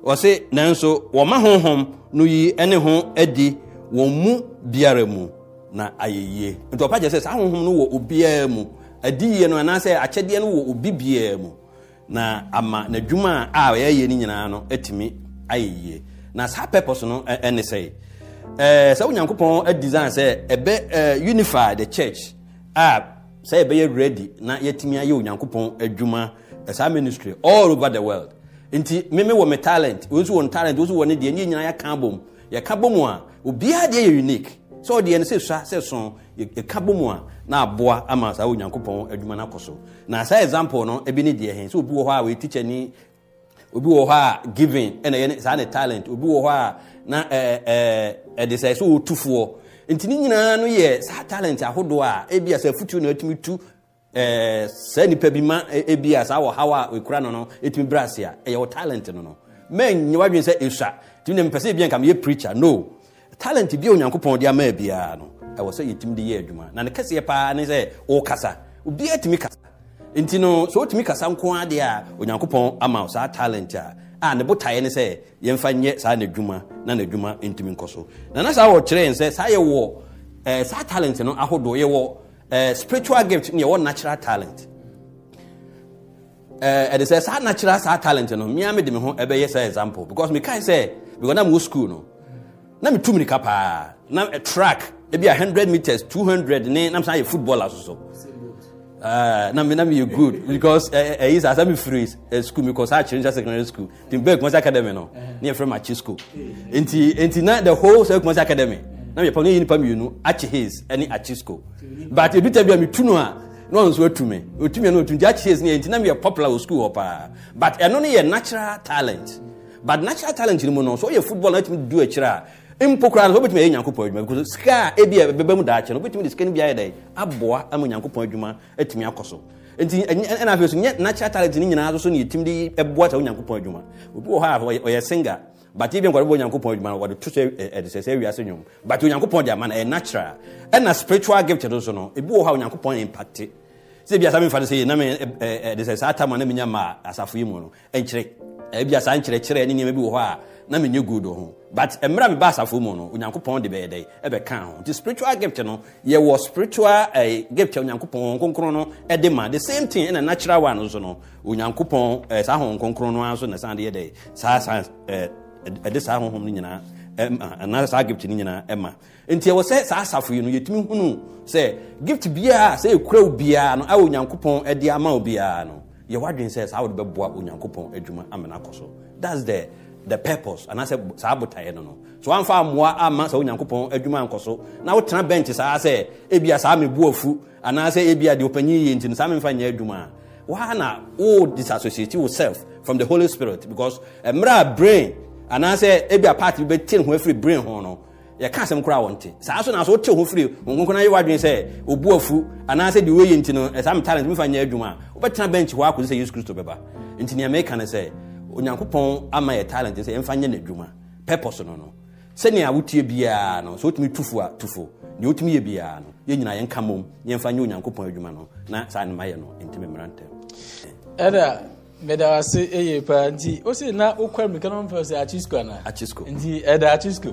ɔse nanso wɔma honhom no yi ne ho adi wɔn mu biara mu na ayɛ yie nti ɔpa kyerɛ sɛ saa honhom no wɔ obiara mu adiyie no anaasɛ akyɛdeɛ no wɔ obi biara mu na ama n'adwuma a ɔyɛyɛ no nyinaa no atumi ayɛ yie na saa purpose no ɛne sɛ ɛɛ sɛ onyankopɔn adesign sɛ ɛbɛ unify the church a sɛ ɛbɛyɛ ready na yɛtumi ayɛ onyankopɔn adwuma saa ministry all over the world nti mimi wɔ me talent wɔn nso wɔ talent wɔn nso wɔ ne deɛ ne nyinaa yɛka bom yɛka bom a obiara deɛ yɛ unique sɛ ɔdeɛ no sɛ sua sɛ so yɛka bɔ a na aboa ama saa onyankopɔn adwuma no akɔ so na saa example no bi ne deɛ he sɛ obi wɔ hɔ a wɔyɛ teacher obi wɔ hɔ a giving ɛna yɛ saa ne talent obi wɔ hɔ a na ɛde sɛ sɛ ɔtufoɔ nti ne nyinaa no yɛ saa talent ahodoɔ a ebi a sɛ afutuo na atumi tu ɛɛ saa nipa bi ma e, ebi a saa ɔhaw a ekura no no etumi brase a ɛyɛ wɔ talent no no mɛ nyɛ wadwin sɛ esua tumi na mpɛ sɛ ebi yɛn kam yɛ preacher no talent bi onyankopɔn de ama biara no ɛwɔ sɛ yɛtumi de yɛ adwuma na ne kɛseɛ paa ne sɛ wokasa obiaa tumi kasa nti no sɛ wotumi kasa nko a deɛ a onyankopɔn ama saa talent a a ne botaeɛ ne sɛ yɛmfa nyɛ saa n'adwuma na n'adwuma ntumi nkɔ so na na saa wɔkyerɛ yɛn sɛ saa yɛwɔ eh, saa talent no ahodoɔ yɛwɔ eh, spiritual gift ne yɛwɔ natural talent ɛde sɛ saa natural saa talent no mmea mede me ho ɛbɛyɛ sɛ example because mekae sɛ because na mewɔ school no na metu mirika paa na eh, track ebi a hundred meters two 200 ne na yɛ footballer soso eh, na me na me yɛ good because ɛyi sɛ asɛmi firi school mi kɔ saa akyerɛ secondary school tim bɛɛ kumasi academy no eh. ne yɛ fɛ ma school nti nti na the whole sɛ kumasi academy na me yɛ pa ne yɛ nipa mienu akyi haze ɛne akyi school but edu tɛ bi a me tu no a na ɔno nso atumi otumi ɛno otumi gya kyerɛ ne yɛ nti na me yɛ popular wɔ school hɔ paa but ɛno ne yɛ natural talent but natural talent ni mu no so ɔyɛ football na ɛtumi du akyerɛ a mpo koraa no wobɛtumi ɛyɛ nyankopɔn adwuma because sika a ebi a bɛbɛ mu daakye no wobɛtumi de sika no bi ayɛ dɛ aboa ama nyankopɔn adwuma atumi akɔ so nti ɛna afei so nyɛ natural talent no nyinaa so so ne yɛtumi de ɛboa saa onyankopɔn adwuma obi wɔ hɔ a ɔyɛ singer but ebi nkɔde bɔ onyankopɔn adwuma wɔde to so ɛde sɛ sɛ wiase nnwom but onyankopɔn de ama no ɛyɛ natural ɛna spiritual gift no so no ebi wɔ hɔ a onyankopɔn impacte sɛ bia saa memfa no sɛ yɛnam ɛde sɛ saa tam a na menya ma asafo yi mu no ɛnkyerɛ ebi a saa nkyerɛkyerɛ ne nneɛma bi wɔ hɔ a na menyɛ good ho but eh, mmerɛ meba asafo mu no onyankopɔn de bɛyɛ dɛ ɛbɛka ho nti spiritual gift no yɛwɔ spiritual eh, gift a onyankopɔn wɔn no de ma the same thing ɛna natural one nso no onyankopɔn eh, saa ahon kronkron no nso na san de yɛ dɛ saa saa eh, ɛde eh, saa honhom no nyinaa ɛma anaa saa gift no nyinaa ɛma nti ɛwɔ sɛ saa asafo yi no yɛtumi hunu sɛ gift biara sɛ ekura wo no a onyankopɔn de ama wo no yɛwɔ adwene sɛ saa wɔde bɛboa onyankopɔn adwuma amena akɔ that's there the purpose anaasɛ saa botaeɛ no no so wamfa ammoa amma saa onyankopɔn adwuma nkɔ so na wotena bench saa sɛ ebia saa mebu afu anaasɛ ebia deɛ ɔpanyin yɛ nti no saa memfa nyɛ adwuma a why na wo disassociate yourself from the holy spirit because eh, mmerɛ a brain anaasɛ ebia part bi bɛte ne ho afiri brain ho no yɛka asɛm koraa wɔnte saa so na so wote ho firi nkonkona yɛ w'adwene sɛ obu afu anaasɛ deɛ woyɛ nti no ɛsaa eh, me talent mefa nyɛ adwuma a wobɛtena bench hɔ akɔsi sɛ yesu kristo bɛba nti nea meka ne sɛ onyankopɔn ama yɛ talent sɛ yɛmfa nyɛ n'adwuma purpose no no sɛnea wotie biara no sɛ wotumi tufo a tufo deɛ wotumi yɛ biara no yɛn nyinaa yɛnka mmom yɛmfa nyɛ onyankopɔn adwuma no na saa ne mayɛ no ntimi mmerantɛm ɛda meda ase eye paa nti o se na o kɔ mirika na ɔmo fɛ sɛ achisco ana achisco nti ɛda achisco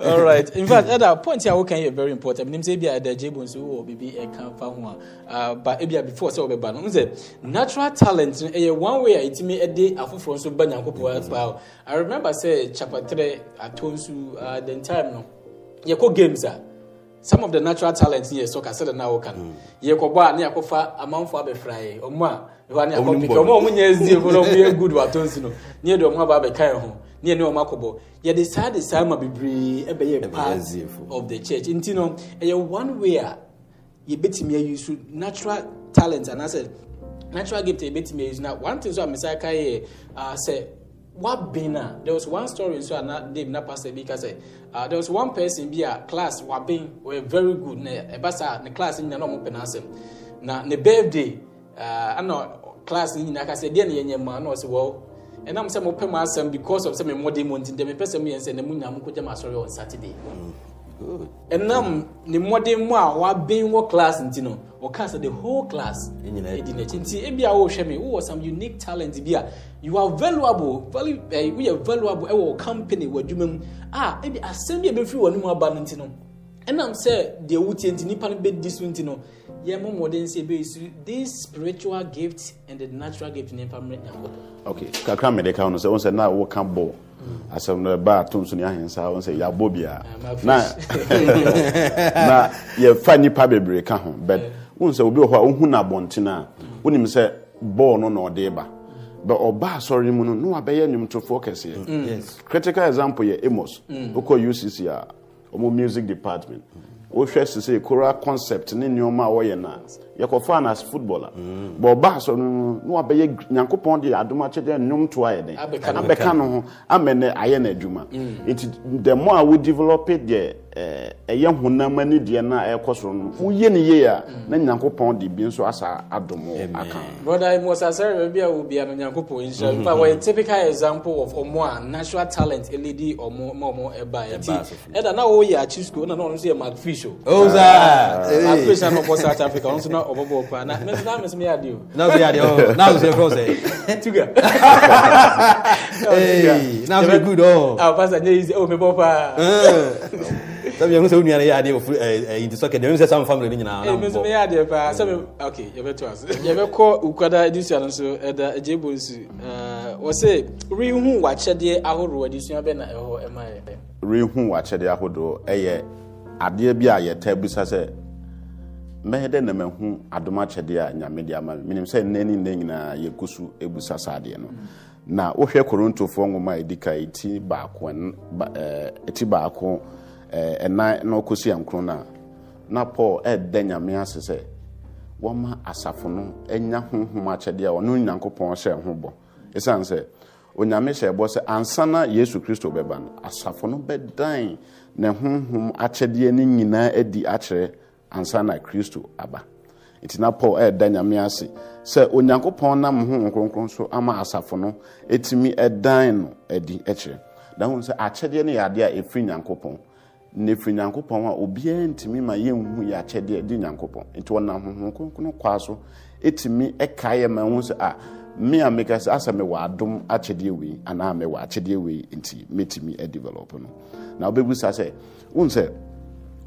alright in fact ɛda point a wokan yɛ very important nim sɛ ebi a ɛda jebo nso wɔ bibi ɛka fa ho a ba ebi a before sɛ ɔbɛba no n sɛ natural talent no ɛyɛ one way a etimi ɛde afoforɔ nso ba nyankopɔ paa i remember sɛ chapter three atonsu uh, den time no yɛkɔ games Uh, some of the natural talents yɛ so kasa de na awoka no mm. yɛ kɔbɔ a ne akɔfa amanfo abɛfra yɛ ɔmo a ɛhɔ ne akɔ pika ɔmo a ɔmo nyɛ ezi emu na ɔmo yɛ good wato nsi no ne yɛ de ɔmo aba abɛka yɛ ho ne yɛ ne ɔmo akɔbɔ yɛ de saa de saa ma bebree ɛbɛyɛ part of the church nti no ɛyɛ one way a yɛbɛtumi ayi so natural talent anaasɛ natural gift a yɛbɛtumi ayi so na one thing so a mesia ka yɛ ah, sɛ wabin a there was one story nso a na dave na pastor bi ka sɛ. Uh, there was one person bi a class wabɛn were very good na ɛba saa ne class nyina na ɔmo pɛ n'asɛm na ne birthday uh, class ne nyinaa kasa deɛ ne yɛ nyɛ maa na ɔsi wɔ ɛnam sɛ mo pɛ mo asɛm because of sɛ mi mmɔden mo nti dɛm mpɛsɛ mo yɛn sɛ na mo nyinaa mo kɔ gya asɔre on saturday mm, ɛnam ne mmɔden mu a wabɛn wɔ class nti no wɔka sɛ the whole class ɛdi n'akyi nti ebi a wɔrehwɛ oh, me wowɔ oh, some unique talent bi a you are valuable value eh, ɛɛ woyɛ valuable ɛwɔ eh, company wɔ adwuma mu a ebi asɛm bi a ebɛfiri wɔn anim aba no nti no ɛnam sɛ deɛ wotie nti nipa no bɛdi so nti no yɛ mo mmɔden sɛ ebe esu this spiritual gift and the natural gift ne nfa mmerɛ nyanko. okay kakra mɛde ka ho no sɛ wɔn sɛ na wɔka bɔ asɛm no ɛba atom so ne ahensa wɔn sɛ yɛabɔ biara ah, na na yɛfa nipa bebree ka ho but. Yeah. wohu sɛ obi wɔ hɔ a wohu no abɔnten a wonim sɛ bɔɔl no na ɔde ba but ɔba asɔre mu no na wabɛyɛ nnwomtofoɔ kɛseɛ mm. Mm. critical example yɛ amos mm. wokɔ ucc a ɔmo music department wohwɛ sise koraa concept ne nneɛma a wɔyɛ na yɛkɔfa no as footballer but ɔba asɔre mu no na wabɛyɛ nyankopɔn de adom akyɛdeɛ nnwom to ayɛ den abɛka no ho amɛ nɛ ayɛ no adwuma nti the more a wodevelop deɛ Eh, ɛyɛ honam ani deɛ no a ɛkɔ soro no woyɛ no yie a na mm. nyankopɔn de bi nso asa adom aka brother most asɛre baabi a wɔbia no nyankopɔn nhyira mfa wɔyɛ typical example of ɔmo a natural talent ɛledi ɔmo ma ɔmo ɛbaeɛ nti ɛda na wɔyɛ akyi school na na ɔno nso yɛ macfish o macfish a nɔbɔ oh, oh. oh, ah, south africa ɔno nso na ɔbɔbɔ paa na mɛso na mɛso meyɛ adeɛ o na so yɛ adeɛ o na so sɛ fɛw sɛ tuga na so good o ah pastor nye yi sɛ o mebɔ paa sɛbi yɛn sɛbi nuyana yɛ adeɛ eh, eh, sɛ san fam eh, na paa mm. ok ase yɛbɛ kɔ ukwada no so ɛda egye nsu ɛɛ wɔsɛ rihu wakyɛdeɛ ahodoɔ edusua wakyɛdeɛ ahodoɔ ɛyɛ adeɛ bi a yɛtɛ bisa sɛ mɛyɛ dɛ na mɛhu adoma a nyame ama sɛ nnɛ ne nnɛ nyinaa saa adeɛ no. na wohwɛ korontofoɔ nwoma a ɛdi ka ɛti baako ɛti Eh, ɛnan na ɔkɔsi ankron na na paul ɛɛda nyame ase sɛ wɔma asafo no ɛnya honhom akyɛdeɛ a ɔno nyankopɔn hyɛ ho bɔ ɛsiane sɛ onyame hyɛ bɔ sɛ ansa na yesu kristo bɛba no asafo no bɛdan ne honhom akyɛdeɛ no nyinaa adi akyerɛ ansa na kristo aba nti na paul ɛɛda nyame ase sɛ onyankopɔn nam honhom kronkron so ama asafo no ɛtumi ɛdan no adi akyerɛ dahu sɛ akyɛdeɛ no yɛ adeɛ a ɛfiri nyankopɔn na nyankopɔn a obiara ntumi ma yɛnhu yɛ akyɛdeɛ di nyankopɔn nti ɔnam honhom kronkron kwaa so ɛtumi ɛka yɛ ma ho sɛ a ah, me a meka sɛ asɛ mewɔ adom akyɛdeɛ wei anaa mewɔ akyɛdeɛ wei nti mɛtumi adevelop no na wobɛbu sa sɛ wohu sɛ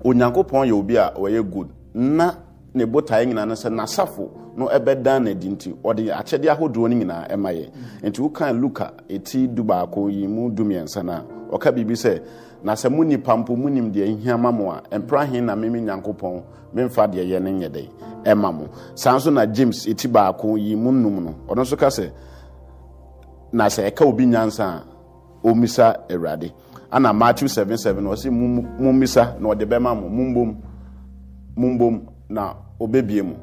onyankopɔn yɛ obi a ɔyɛ good na ne botaeɛ nyinaa no sɛ n'asafo no ɛbɛdan n'adi nti ɔde akyɛdeɛ ahodoɔ no nyinaa ɛma yɛ nti wokan luka ɛti du baako yi mu dumiɛnsa no a ɔka biribi sɛ na sɛ mo nipa mpo mo nim deɛ nhia ma mo a mpra he na meme nyankopɔn memfa deɛ yɛ ne nyɛ dɛ ɛma mo saa nso na james ɛti baako yi mu nnum no ɔno nso ka sɛ na sɛ ɛka obi nyansa a ɔmmisa awurade ana matthew 77 ɔse mommisa na ɔde bɛma mo mombom mombom na ɔbɛbie mu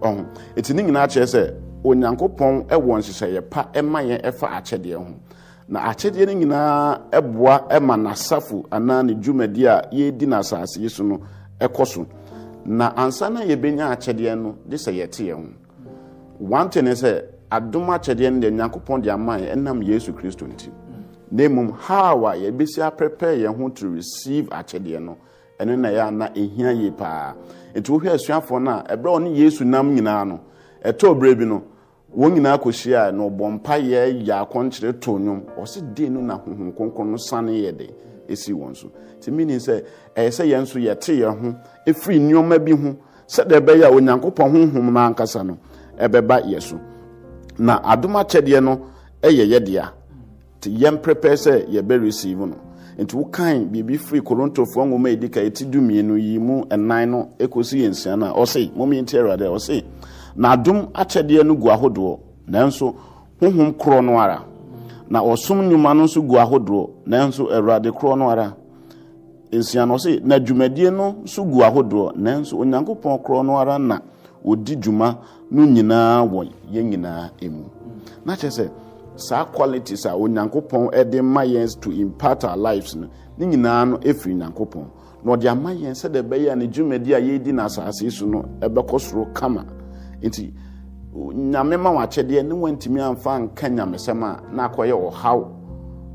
ɔho ɛti ne nyinaa kyerɛ sɛ onyankopɔn ɛwɔ nhyehyɛeɛ pa ɛma yɛn ɛfa akyɛdeɛ ho na akyɛdeɛ no nyinaa ɛboa ma n'asafo anaa ne dwumadi a yɛredi no asase yi so no ɛkɔ so na ansa na yɛbɛnya akyɛdeɛ no de sɛ yɛte yɛn ho one thing is sɛ adom akyɛdeɛ no deɛ nyankopɔn de ama yɛn ɛnam yesu kristo nti na mmom how a yɛbɛsi aprepare yɛn ho to receive akyɛdeɛ no ɛno na ɛyɛ ana ɛhia yie paa nti wohwɛ asuafoɔ no a ɛberɛ a ɔne yesu nam nyinaa no ɛtɔɔ berɛ bi no wɔn nyinaa kɔhyia a na ɔbɔ mpa yɛ akɔnkyerɛ to nnwom ɔsi den no na huhum kronkron no sane yɛ de esi wɔn so te meaning sɛ ɛyɛ sɛ yɛn nso yɛte yɛn ho efiri nneɛma bi ho sɛdeɛ ɛbɛyɛ a onyankopɔn huhum no ankasa no ɛbɛba yɛ so na adom akyɛdeɛ no ɛyɛ yɛ dea te yɛn prepare sɛ yɛbɛ receive no nti wokan biribi firi korontofoɔ nwoma a yɛdi ka yɛti dumienu yi mu ɛnan no ɛkɔsi yɛn no a ɔse momi nti awurade na adom akyɛdeɛ no gu ahodoɔ nanso honhom korɔ no ara na ɔsom nnwuma no nso gu ahodoɔ nanso awurade korɔ no ara na dwumadie no nso gu ahodoɔ nanso onyankopɔn na ɔdi dwuma no nyinaa wɔ mu na kyerɛ sɛ saa qualities a onyankopɔn ma yɛn to impact our lives no ne nyinaa no ɛfiri nyankopɔn na ɔde ama yɛn sɛdeɛ ɛbɛyɛ a ne dwumadi a yɛredi no asase so no soro kama nti nyame ma wakyɛdeɛ ne wantumi amfa nka nyamesɛm a na akɔyɛ ɔhaw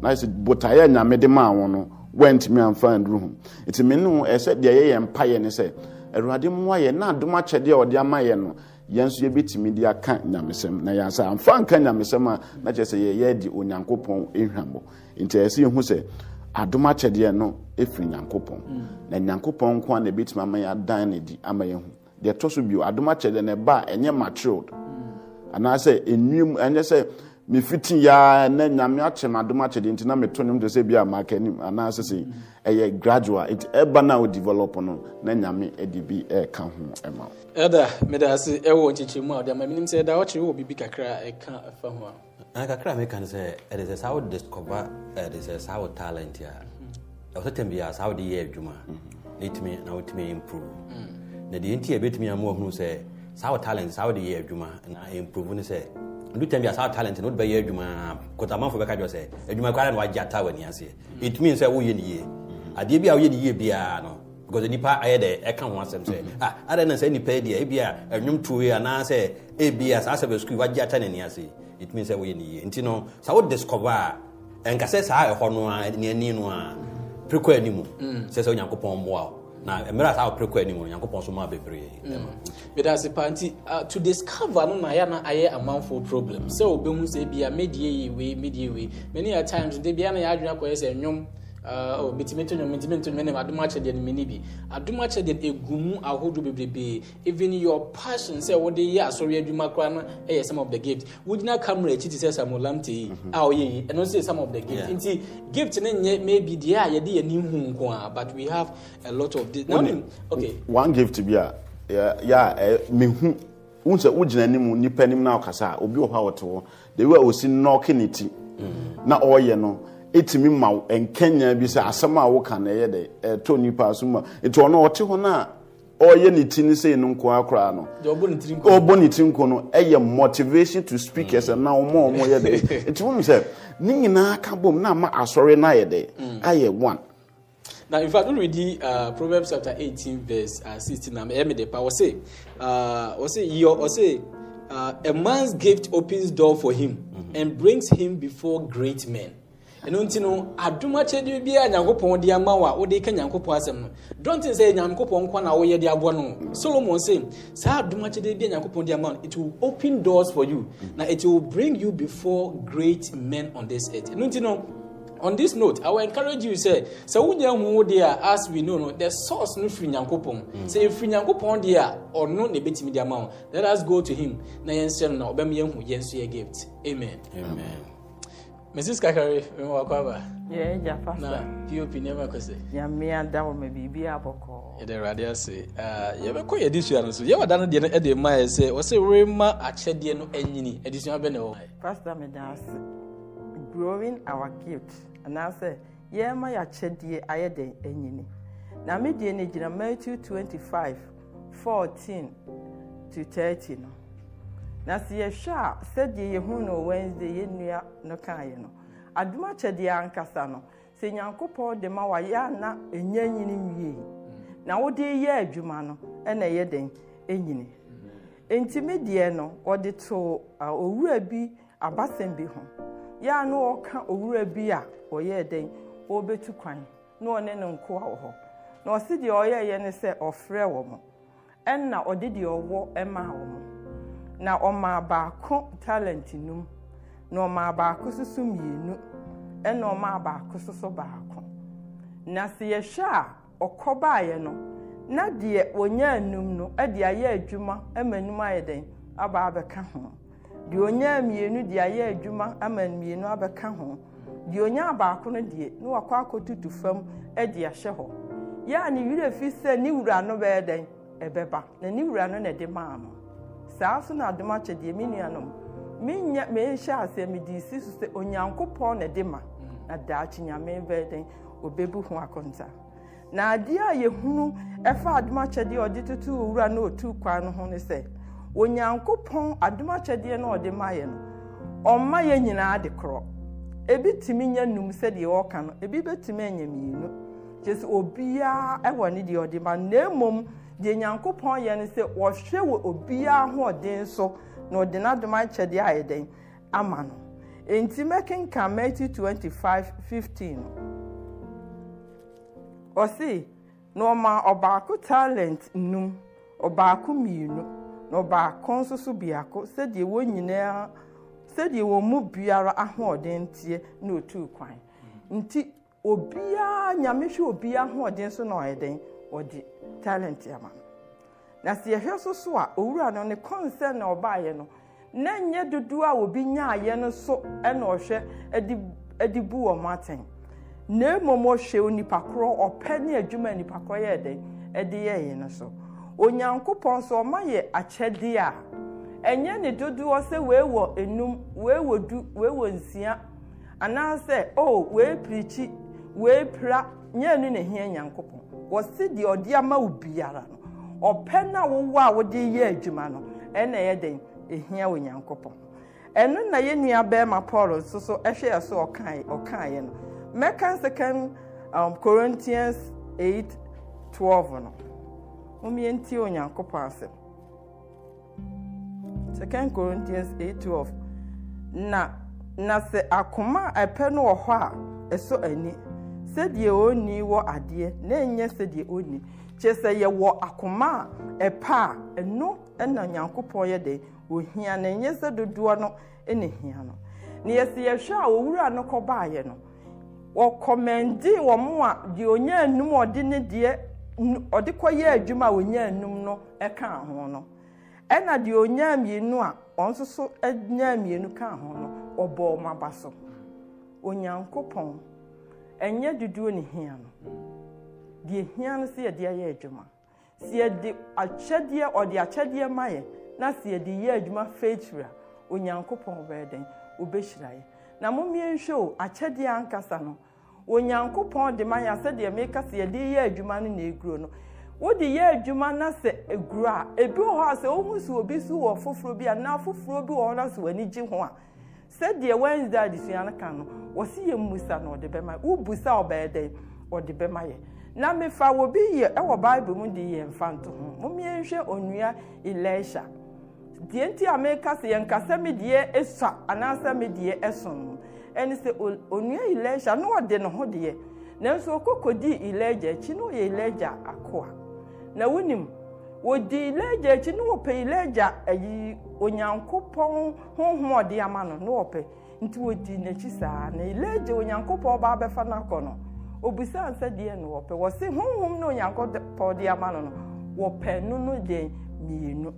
na sɛ botaeɛ nyame de maa wo no wantumi amfa nduru ho nti me ne ɛsɛ deɛ yɛyɛ mpayɛ ne sɛ awurade mmoa yɛ na adom akyɛdeɛ a ɔde ama yɛ no yɛn nso yɛbɛtumi de aka nyamesɛm na yɛasa amfa nka nyamesɛm a na kyerɛ sɛ yɛyɛ de onyankopɔn nhwammɔ nti ɛsɛ yɛhu sɛ adom akyɛdeɛ no ɛfiri nyankopɔn mm. na nyankopɔn nko a na ɛbɛtumi ama yɛ adan ne di ama yɛhu deɛ ɛtɔ so bio adom akyɛ deɛ n'ɛba a ɛnyɛ matured anaasɛ enum ɛnyɛ sɛ mefiti yaa na nyame akyɛ me adom akyɛ deɛ nti na meto ne mu te sɛ bi a maka anim anaasɛ sɛ ɛyɛ gradual nti ɛba no a wodevelop no na nyame de bi ɛka eh, ho ɛma eh, eh, wo ɛda meda ase ɛwɔ nkyekyerɛ mu a wode ama menim sɛ ɛda wokyerɛ wɔ biribi kakra ɛka ɛfa ho a kakra meka no sɛ ɛde sɛ saa wode discover ɛde sɛ saa wo talent a ɛwɔ mm-hmm. sɛ tam biaa saa wode yɛ adwuma mm-hmm. na ɛtumi na wotumi improve mm-hmm na deɛ nti a ɛbɛtumi ama wahunu sɛ saa wɔ talent saa wɔde yɛ adwuma na improve. no sɛ dutam bi a saa talent no wode bɛyɛ adwuma kɔtamanfo bɛka dwɔ sɛ adwuma kwara na wagye ata w'ani aseɛ ɛtumi sɛ woyɛ ne yie adeɛ bi a woyɛ ne yie biara no because nipa ayɛ dɛ ɛka ho asɛm sɛ mhm. ah ada na sɛ nipa yɛ deɛ ebi a ɛnwom tuo yi anaa sɛ ebi a saa sɛbɛ sukuu wagye ata ni ase ɛtumi sɛ woyɛ ne yie nti no saa wo discover a ɛnka sɛ saa ɛhɔ no a ne ani no a prekɔ animu mhm. sɛ sɛ onyankopɔn mmoa wo na mmerɛ saa wopere kɔ anim no nyankopɔn so maa bebree mm. meda ase paa nti uh, to discover no na yɛ na ayɛ amanfoɔ problem sɛ wobɛhu sɛ bia medie yi wei medie wei many a times de bia na yɛadwene akɔyɛ sɛ nnwom uh, metumi nto nwom metumi nto nwom ɛnna adum akyɛdeɛ no mene bi adum akyɛdeɛ egu mu ahodoɔ bebrebe even your passion sɛ wɔde yɛ asɔre adwuma koraa no ɛyɛ some of the gift wogyina camera akyi ti sɛ samuel lamte yi a ɔyɛ yi ɛno nso yɛ some of the gift nti gift ne nyɛ maybe deɛ a yɛde yɛ ne hu nko a but we have a lot of this. One, okay. one gift bi a yɛ a eh, mehu n sɛ wogyina anim nipa anim na ɔkasa a obi wɔ hɔ a ɔte hɔ deɛ wi a osi nnɔɔke ne ti mm-hmm. na ɔɔyɛ no ɛtumi ma wo nkanya bi sɛ asɛm a woka no ɛyɛ dɛ ɛtɔ nipa so mu a nti ɔno ɔte hɔ no a ɔyɛ ne ti ne sei no nkoa koraa no ɔbɔ ne ti nko no ɛyɛ motivation to speak ɛsɛ na ɔmɔ ɔmɔ yɛ de. Mm. nti mi sɛ ne nyinaa ka bom na ama asɔre na ayɛ de. Mm. ayɛ one. Now, in fact, when we read uh, Proverbs chapter 18, verse uh, 16, I'm Emi Depa, was say, uh, was say, your, was say, uh, a man's gift opens door for him mm-hmm. and brings him before great men ɛno nti no adom akyɛdeɛ biara nyankopɔn de ama wo a wode ka nyankopɔn asɛm no dɔnten sɛ nyankopɔn nkwa na woyɛ de aboa no solomon se saa adom akyɛdeɛ biara nyankopɔn de ama no it will open doors for you na it will bring you before great men on this earth ɛno nti no on this note i will encourage you say sɛ wonya hu deɛ as we know no the source no firi nyankopɔn mm. sɛ ɛfiri nyankopɔn deɛ a ɔno na ɛbɛtumi de ama wo let us go to him na yɛnhyɛ no na ɔbɛma yɛahu yɛn so yɛ gift amen, amen mrs kakari mehu wakɔ aba yɛ gya fa na pop nneɛma kɔ sɛ nyame ada wɔ ma biribi abɔkɔɔ yɛde awurade ase yɛbɛkɔ yɛ adesua no so yɛwɔ da no deɛ no ɛde ma yɛ sɛ ma sɛ worema akyɛdeɛ no anyini adesua bɛ ne wɔ pastor meda ase growing our gift anaasɛ yɛma yɛ akyɛdeɛ ayɛ den anyini na me deɛ no gyina matthew 25 14 to 30 na sɛ yɛhwɛ a sɛdeɛ yɛhu no wednesday yɛnnua no kaeɛ no adom akyɛdeɛ ankasa no sɛ nyankopɔn de ma wayɛ ana ɛnya nyini nwiei na wode yɛ adwuma no ɛna ɛyɛ dɛn ɛnyini ɛntimi deɛ no wɔde too owura bi abasɛm bi ho ya na ɔka owura bi a ɔyɛɛ dɛn ɔbɛtu kwan na ɔne ne nkoa wɔ hɔ na ɔse deɛ ɔyɛyɛ ne sɛ ɔfrɛ wɔ mo ɛnna ɔde deɛ ɔwɔ maa wɔ mo na ɔmaa baako talent no na ɔmaa baako soso mmienu ɛna ɔmaa baako soso baako na sɛ yɛhwɛ a ɔkɔ baeɛ no na deɛ ɔnya anum no ɛde ayɛ adwuma ama anum ayɛ den aba abɛka ho deɛ ɔnya mmienu deɛ ayɛ adwuma ama mmienu abɛka ho deɛ ɔnya baako no deɛ na wakɔ akɔtutu fam ɛde ahyɛ hɔ yɛa ne werɛ fi sɛ ne wura no bɛyɛ den ɛbɛba na ne wura no na ɛde maa no saa nso na adom akyɛ deɛ me nuanom menyɛ menhyɛ aseɛ mede si so sɛ onyankopɔn na de ma na daakye nyame bɛɛ den ɔbɛbu ho akonta na adeɛ a yɛhunu ɛfa adom akyɛdeɛ ɔde tutu owura na ɔtu kwan ho ne sɛ onyankopɔn adom akyɛdeɛ na ɔde ma yɛ no ɔmma yɛ nyinaa de korɔ ebi tumi nya num sɛdeɛ ɔka no ebi bɛtumi anya mmienu kyerɛ sɛ obiara ɛwɔ ne deɛ ɔde ma na mmom deɛ nyankopɔn yɛ no sɛ ɔhwɛ wɔ obiara hoɔden so na ɔde n'adom akyɛdeɛ ayɛ dɛn ama no enti mɛkenka Matthew 25:15 no ɔse na ɔma ɔbaako talent nnum ɔbaako mmienu na ɔbaako nso so biako sɛdeɛ wɔn nyinaa sɛdeɛ wɔn mu biara ahoɔden teɛ na otu kwan nti obiara nyame hwɛ obiara ahoɔden so na ɔyɛ dɛn ɔde talent ama no na sɛ yɛhwɛ so a owura no ne na ɔbaeɛ no na nyɛ a obi nyaaeɛ no so ɛna ɔhwɛ bu atɛn na mmom ɔhwɛ onipa korɔ ɔpɛ ne adwuma nipa korɔ yɛ no so onyankopɔn yɛ a ɛnyɛ ne dodoɔ sɛ enum du nsia anaasɛ o oh, nyɛ no na nyankopɔn wɔsi deɛ ɔde ama wo biara no ɔpɛ no a wowɔ a wode yɛ adwuma no ɛna ɛyɛ den ɛhia onyankopɔn ɛno na yɛ nua bɛrima paul nso so ɛhwɛ yɛ so ɔkaeɛ no mɛka second um, corinthians 8 12 no momiɛntie onyankopɔn asɛm second corinthians 8 na na sɛ akoma a ɛpɛ no wɔ hɔ a ɛsɔ ani sɛdeɛ ɔnni wɔ adeɛ na ɛnyɛ sɛdeɛ ɔnni kyerɛ sɛ yɛwɔ akoma a ɛpa a ɛno na nyankopɔn yɛ de ɔhia na ɛnyɛ sɛ dodoɔ no na hia no na yɛsɛ yɛhwɛ a owura no kɔbaeɛ no wɔkɔmɛndi wɔ a deɛ ɔnya anum ɔde ne deɛ ɔde kɔyɛ adwuma a ɔnya anum no ka ho no ɛna deɛ ɔnya mmienu a ɔn nso so nya mmienu ka ho no ɔbɔ wɔn aba so onyankopɔn ɛnyɛ duduo ne hia no deɛ hia no sɛ yɛde yɛ adwuma sɛ yɛde akyɛdeɛ ɔde akyɛdeɛ ma yɛ na sɛ yɛde yɛ adwuma faithful a onyankopɔn bɛyɛ den obɛhyira yɛ na mommie nhwɛ o akyɛdeɛ ankasa no onyankopɔn de ma yɛ asɛdeɛ meka sɛ yɛde yɛ adwuma no na ɛguro no wodi yɛ adwuma na sɛ ɛguro a ebi wɔ hɔ a sɛ wohu si obi so wɔ foforɔ bi a na foforɔ bi wɔ hɔ na sɛ w'ani gye ho a sɛdeɛ wednesday adesua no ka no wɔsi yɛ mmusa na ɔde bɛma yɛ wubusa ɔbɛyɛ dɛ ɔde bɛma yɛ na mefa obi yɛ ɛwɔ e bible mu de yɛ mfa nto ho mumie nhwɛ onua elisha deɛ nti a meka sɛ yɛn mi deɛ esua anaasɛ mi deɛ ɛne sɛ onua elisha na ɔde ne ho deɛ nanso okoko di elisha akyi na ɔyɛ elisha akoa na wunim. wodi legya akyi ne wɔpɛ legya ayi onyankopɔn honhom ɔde ama no wɔpɛ nti n'akyi saa na legya onyankopɔn ɔba abɛfa n'akɔ no obisa nsa deɛ na wɔpɛ wɔsi honhom na onyankopɔn de ama no no wɔpɛ no no mmienu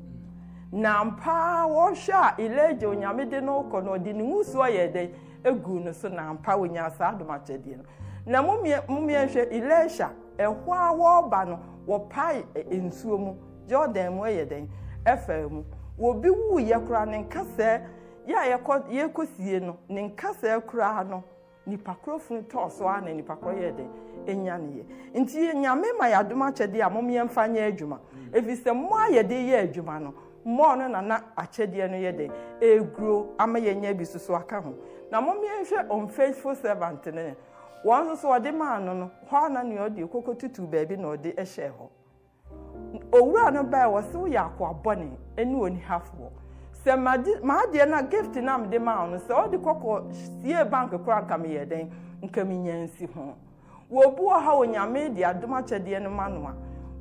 na mpaa wɔhwɛ a legya onyame de no kɔ no ɔde ne egu na mpa onya saa no na mu ɛhɔ a wɔreba no wɔpae e, nsuo mu. jordan mu yɛ dɛn ɛfɛ mu obi wu yɛ kora ne nkasa yɛ a yɛkɔ yɛkɔ sie no ne nkasɛɛ kora no nipa koro funu tɔɔso a na nipa koro yɛ dɛn enya ne yɛ nti nyame ma yɛ adum akyɛdeɛ a mo yɛn fa nyɛ adwuma efi sɛ mo a yɛde yɛ adwuma no mɔɔ no na akyɛdeɛ no yɛ dɛn eguro ama yɛnyɛ bi soso aka ho na mo yɛn hwɛ unfaithful servant ne wɔn nso so ɔde maa no no hɔ ana nea ɔde koko tutu baabi na ɔde ɛhyɛ hɔ. owura no bɛɛ wɔ sɛ woyɛ akoabɔne ne onihafoɔ sɛ maadeɛ no a gift no maa no sɛ ɔde kɔkɔ sie bank kora nsi ho wɔbu wɔ ha onyame de adom akyɛdeɛ no ma no a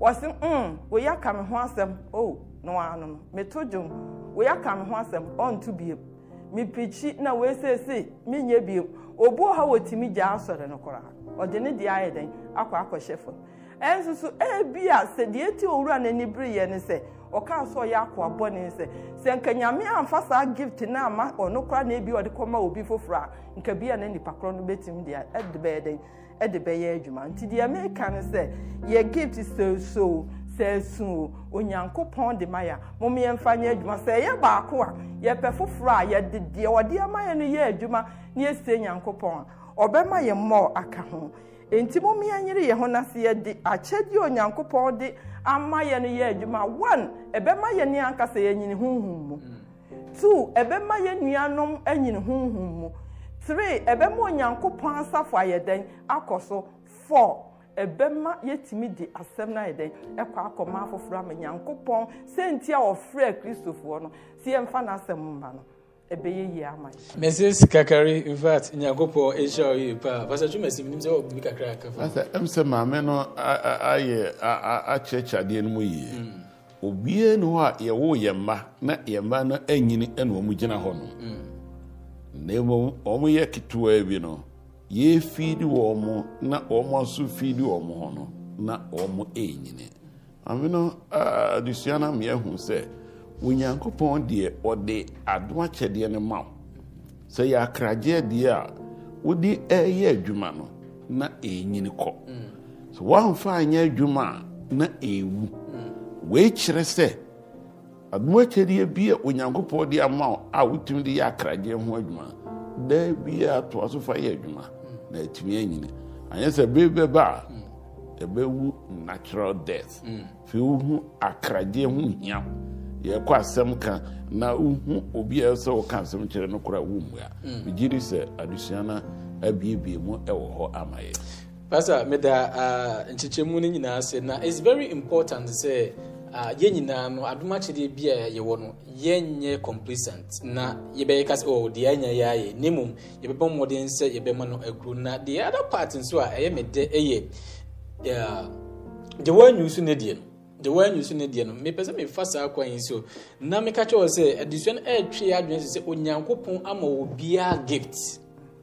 wɔse mm woyɛ aka me ho asɛm o oh, na waano no meto dwom woyɛ me ho asɛm ɔnto biem na biem obu wɔ ha wɔtumi gyaa asɔre no koraa ɔde ne deɛ ayɛ dɛn akɔ akɔhyɛ fam ɛnso so ebi eh, a sɛ deɛ ti owura n'ani bere yɛ ne sɛ ɔka so ɔyɛ akɔ abɔ ne nsɛ sɛ nka nyame amfa saa gift na ama ɔno kora na ebi ɔde kɔma obi foforɔ a nka bi a na nipa korɔ no betumi deɛ ɛde bɛyɛ dɛ ɛde bɛyɛ adwuma nti deɛ meka ne sɛ yɛ gift sɛso sɛso o onyankopɔn de ma yɛ a mom yɛmfa nyɛ adwuma sɛ ɛyɛ baako a yɛpɛ foforɔ a yɛde deɛ ɔde ama yɛ no yɛ adwuma esie yɛsie nyankopɔn a ɔbɛma yɛ mmɔɔ aka ho enti momme yɛnyere yɛ ho nase yɛde akyɛdeɛ onyankopɔn de ama yɛ no yɛ adwuma one ɛbɛma yɛ ni ankasa yɛnyini honhom mu two ɛbɛma yɛ nuanom anyini honhom mu three ɛbɛma onyankopɔn asafo ayɛdɛn dɛn akɔ so four ɛbɛma yɛtumi di asɛm no ayɛ dɛn ɛkɔ akɔma afoforɔ ama nyankopɔn sɛ nti a wɔfrɛ kristofoɔ no sie mfa na n'asɛm mma no ɛbɛyɛ yie ama yi. mrs kakari infact nyankopɔn ahyia wo yie paa pastor mesi nim sɛ wɔbiribi kakra aka fa. pastor ɛm sɛ maame no ayɛ akyerɛkyerɛ adeɛ no mu yie hmm. obiara ni hɔ a yɛwo yɛn mma na yɛn mma no anyini na wɔn gyina hɔ no hmm. na mmom wɔn yɛ ketewa bi no yɛfiidi wɔn mo na wɔn nso fiidi wɔn hɔ no na wɔn anyini maame no adesua na mmeɛ hu sɛ. onyankopɔn deɛ ɔde ado akyɛdeɛ no ma wo sɛ yɛ akragyeɛ deɛ a wode ɛyɛ adwuma no na ɛnyini kɔ mm. sɛ woamfa anyɛ adwuma a na ɛwu wei kyerɛ sɛ ado akyɛdeɛ bi a onyankopɔn de ama wo a wotumi de yɛ akragyeɛ ho adwuma daa biaa toa so fa yɛ adwuma na atumi anyini anyɛ sɛ bere a mm. ɛbɛwu natural death mm. fei wohu akragyeɛ ho hia yɛkɔ asɛm ka na wohu obi a sɛ woka asɛm kyerɛ no kora wommua mm. megye di sɛ adesua no abiebie mu ɛwɔ hɔ ama yɛ pastor meda ah, nkyekyɛmu no nyinaa ase na its very important sɛ uh, yɛn nyinaa no adom akyɛdeɛ bi a yɛwɔ no yɛnyɛ complacent na yɛbɛyɛ ka sɛ oh, deɛ anya yɛ ayɛ na mmom yɛbɛbɔ mmɔden sɛ yɛbɛma no akuro na the other part nso a ɛyɛ medɛ ɛyɛ deɛ woanyu so no deɛ no de woanwu eh, eh, oh, eh, so no deɛ no mepɛ sɛ mefa saa kwa yi so na meka kyerɛ wɔ sɛ adesua no ɛretwe adwene so sɛ onyankopɔn ama wɔ biara gift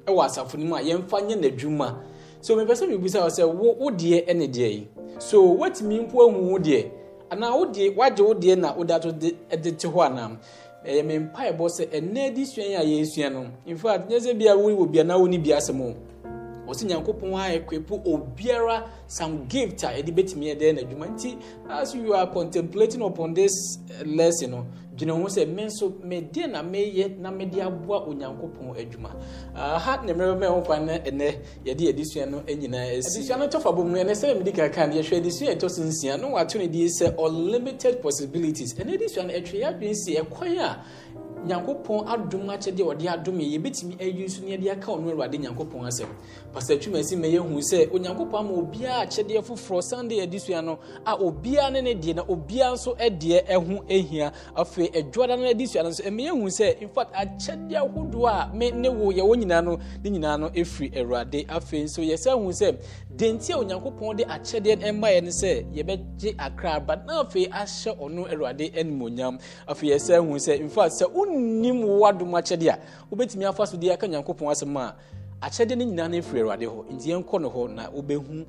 ɛwɔ asafo no mu a yɛmfa nyɛ n'adwuma so mepɛ sɛ mebisa wɔ sɛ wo wo deɛ ɛne deɛ yi so woatumi mpo ahu wo deɛ anaa wo deɛ woagye wo deɛ na wode ato de ɛde te hɔ anam ɛyɛ me ɛbɔ sɛ ɛnɛ adesua yi a yɛresua no infact nyɛ sɛ bia wowɔ bia na wo ne bia asɛm o wɔsi nyankopɔn ayɛ kwepu obiara some gift a yɛde betumi yɛ dɛ n'adwuma nti as you are contemplating upon this eh, lesson no dwene ho sɛ me nso medeɛ na meyɛ na mede aboa onyankopɔn adwuma ah, ha ne mmerɛ bɛma ho kwan no ɛnɛ yɛde adesua no nyinaa asi adesua no tɔfa bɔmu no ɛnɛ sɛ mede kaka no yɛhwɛ adesua ɛtɔ so nsia na wɔato no di sɛ unlimited possibilities ɛnɛ adesua no ɛtwe yɛ adwene si ɛkwan a nyankopɔn adom akyɛdeɛ ɔde adom yɛ yɛbɛtumi ayi nso ne yɛde aka ɔno awurade nyankopɔn asɛm pastor atwuma si mɛyɛ hu sɛ onyankopɔn ama obiara akyɛdeɛ foforɔ sunday adesua no a obiara ne ne deɛ na obiara nso deɛ ɛho ahia afei adwoada no adesua no nso ɛmɛyɛ hu sɛ infact akyɛdeɛ ahodoɔ a me ne wo yɛwɔ nyinaa no ne nyinaa no ɛfiri awurade afei nso yɛsɛ hu sɛ Dentia a onyankopɔn de akyɛdeɛ mmaeɛ no sɛ yɛbɛgye akraba na afei ahyɛ ɔno awurade animonyam afei yɛsɛ hu sɛ infact sɛ wonnim woadom akyɛdeɛ a wobɛtumi afa so deɛ aka onyankopɔn asɛm a akyɛdeɛ no nyinaa no ɛfiri awurade hɔ nti yɛnkɔ no hɔ na wobɛhu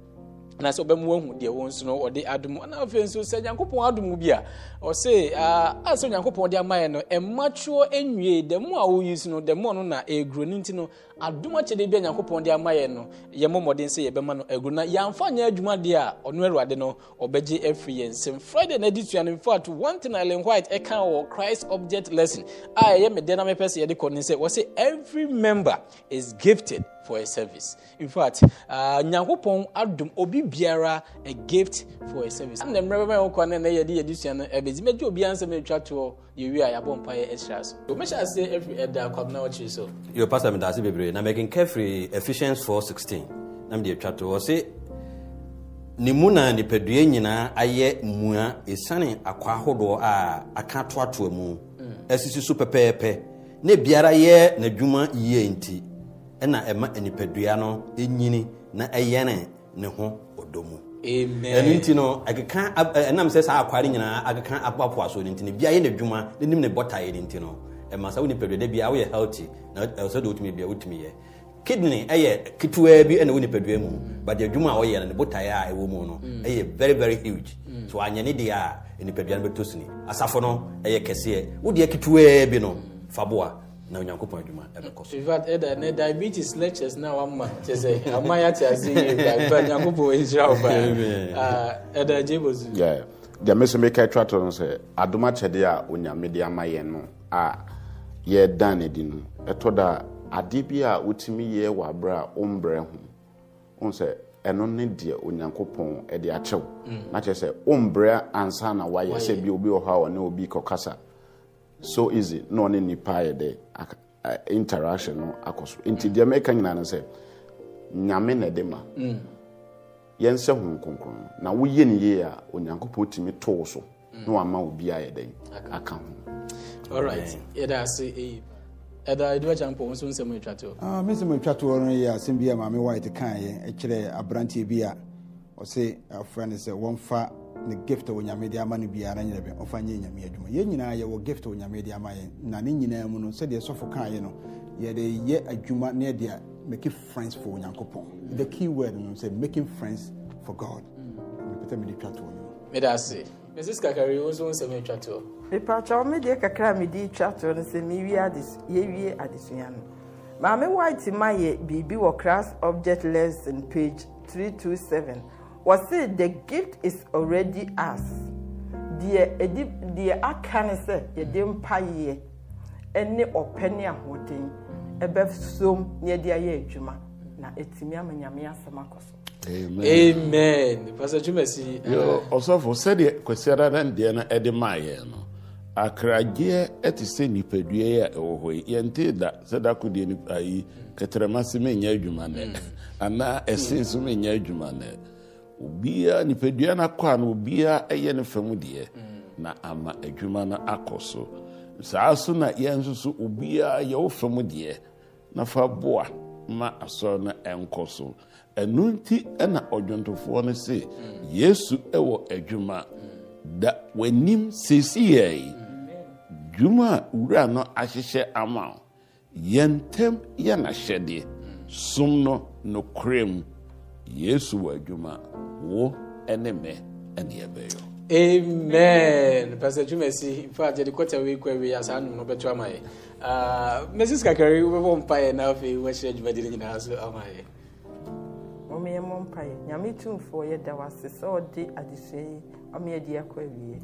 na sɛ ɔbɛmu wahu deɛ wɔn nso no ɔde adum na afei nso sɛ nyankopɔn adum bi a ɔse ah, a sɛ nyankopɔn de ama yɛ no mmatuo enwie dɛm a wɔyi so no dɛm ɔno na eguro ne nti no adum akyɛde bi a nyankopɔn de ama yɛ no yɛn mɔmɔden sɛ yɛbɛma no eguro na yɛnfa nyɛ adwuma deɛ a ɔno awurade no ɔbɛgye afiri yɛn nsam friday na edisua no nfa to one thing allen white ɛka wɔ christ object lesson a ɛyɛ mɛdɛ na mɛpɛ sɛ yɛde kɔ ne sɛ wɔse every member is gifted for a service in fact uh, nyankopɔn adom obi biara a gift for a service na mmerɛ bɛma ɛwokɔ no na yɛde yɛde sua no ɛbɛdzi mɛgye obiara nsɛm ɛtwa toɔ yɛwie a yɛabɔ mpa yɛ ahyira so wobɛhyɛ ase afiri ɛda kwam na wɔkyiri so yo pastor da ase bebree na mɛkenka firi ephesians sixteen. na mede atwa toɔ ɔse ne mu na nipadua nyinaa ayɛ mmua ɛsiane akwa ahodoɔ a aka toatoa mu mm. asisi so pɛpɛɛpɛ na biara yɛ n'adwuma yie nti ɛna ɛma nipadua no nyini na ɛyɛne ne ho ɔdɔ mu ɛno nti no ɛkeka ɛnam sɛ saa akware nyinaa akeka apoapoasoɔ no nti no bia yɛ n'adwuma n'anim ne bɔtaeɛ no nti no ɛma sa wo nipadua da bia woyɛ healthy na ɛsɛ de wotumi bia wotumi yɛ kidney ɛyɛ ketewaa bi ɛna wo nipadua mu but adwuma a ɔyɛ no ne botaeɛ a ɛwɔ mu no mm. ɛyɛ very very huge mm. so anyɛ ne deɛ a nipadua no bɛtɔ sini asafo no ɛyɛ kɛseɛ wo deɛ ketewaa bi no faboa na onyankopɔn adwuma ɛbɛkɔ so infact diabetes lectures na wama kyɛ sɛ ama yɛate ase yɛ but nyankopɔn ɛnhyira wo paa ɛda gye bɔsu deɛ me so meka twa to no sɛ adom akyɛdeɛ a onyame de ama yɛn no a yɛdan ne di no ɛtɔ da adeɛ bi a wotumi yɛ wɔ aberɛ a wombrɛ ho wohu sɛ ɛno ne deɛ onyankopɔn de akyɛw mm. na kyerɛ sɛ wombrɛ ansa na wayɛ sɛ bi obi wɔ hɔ a ɔne obi kɔkasa so easy na ɔne nipa yɛ dɛ interaction no akɔ so nti deɛ mɛka nyinaa no sɛ nyame na ɛde ma mm. yɛn sɛ ho nkonkron na woyɛ ne yie a onyankopɔn tumi too so mm. na wama obi ayɛ dɛ aka ho. alright yɛda ase eyi ɛda edu agya mpɔ nso nsɛm etwa toɔ. aa ah, mi nsɛm etwa toɔ no yɛ asɛm bi a maame white kan yɛ ɛkyerɛ aberanteɛ bi a ɔsɛ afra ne sɛ wɔnfa ne gift a onyame de ama no biara nyerɛ bɛ ɔfa nyɛ nyame adwuma yɛn nyinaa yɛwɔ gift a onyame de ama yɛn na ne nyinaa mu no sɛdeɛ sɔfo kaeɛ no yɛde yɛ adwuma ne yɛde make friends for onyankopɔn the key word no sɛ making friends for god mepɛtɛ mede twa toɔ no meda ase mrs kakari wo nso nsɛm atwa toɔ mepakyɛw medeɛ kakra a mede twa toɔ no sɛ mewie yɛwie adesua no maame white ma yɛ biribi wɔ class object lesson page 327 wɔsi the gift is already us deɛ edi deɛ aka ne sɛ yɛde mpa yie ɛne ɔpɛ ne ahoɔden ɛbɛ som ne yɛde ayɛ adwuma na etimi ama nyame asɛm akɔ so. amen pastor jumasi. yɔ eh, ɔsɔfo sɛdeɛ kwasi adada deɛ no ɛde maa yɛn no akragyeɛ ɛte sɛ nipadua yi a ɛwɔ hɔ yi yɛnte da sɛ dako deɛ nipa yi kɛtɛrɛma se menyɛ adwuma nɛ mm. anaa ɛse nso menyɛ adwuma nɛ. obiara nipadua no akɔ a no obiara ɛyɛ no fam deɛ na ama adwuma no akɔ so saa so na yɛn nso so obia yɛwo fa mu deɛ na fa boa ma asɔre no ɛnkɔ so ɛno nti ɛna ɔdwontofoɔ no se yesu ɛwɔ adwuma da w'anim seesi yɛi dwuma a wura no ahyehyɛ ama wo yɛn ntam yɛ n'ahyɛdeɛ som no nokorɛ mu yesu wɔ adwuma wo ne me ne yɛbɛyɛ amen pastor jumesi in fact yɛde kɔta wei kɔ awei asaa nom no bɛto ama yɛ ah, mrs kakari wobɛbɔ mpaeɛ na afei woahyerɛ adwumadi no nyinaa so ama yɛ ɔmeyɛ mmɔ mpaeɛ nyame tumfoɔ yɛda w ase sɛ ɔde adesua yi ɔmeyɛde akɔ awie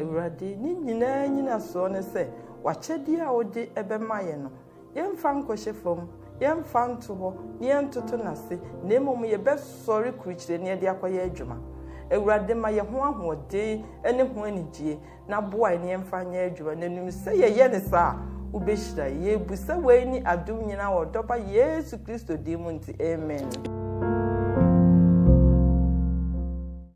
awurade ne nyinaa nyinasoɔ ne sɛ wakyɛdeɛ a wode ɛbɛma yɛ no yɛmfa nkɔhyɛ fam yɛmfa nto hɔ na yɛntoto n'ase na mmom yɛbɛsɔre kurukyire na yɛde akɔyɛ adwuma awurade ma yɛn ho ahoɔden ne ho anigyeɛ na boa na yɛmfa nyɛ adwuma n'anim sɛ yɛyɛ ne saa wobɛhyira yɛbu sɛ wɔani adom nyinaa wɔ dɔba yesu kristo din mu nti amen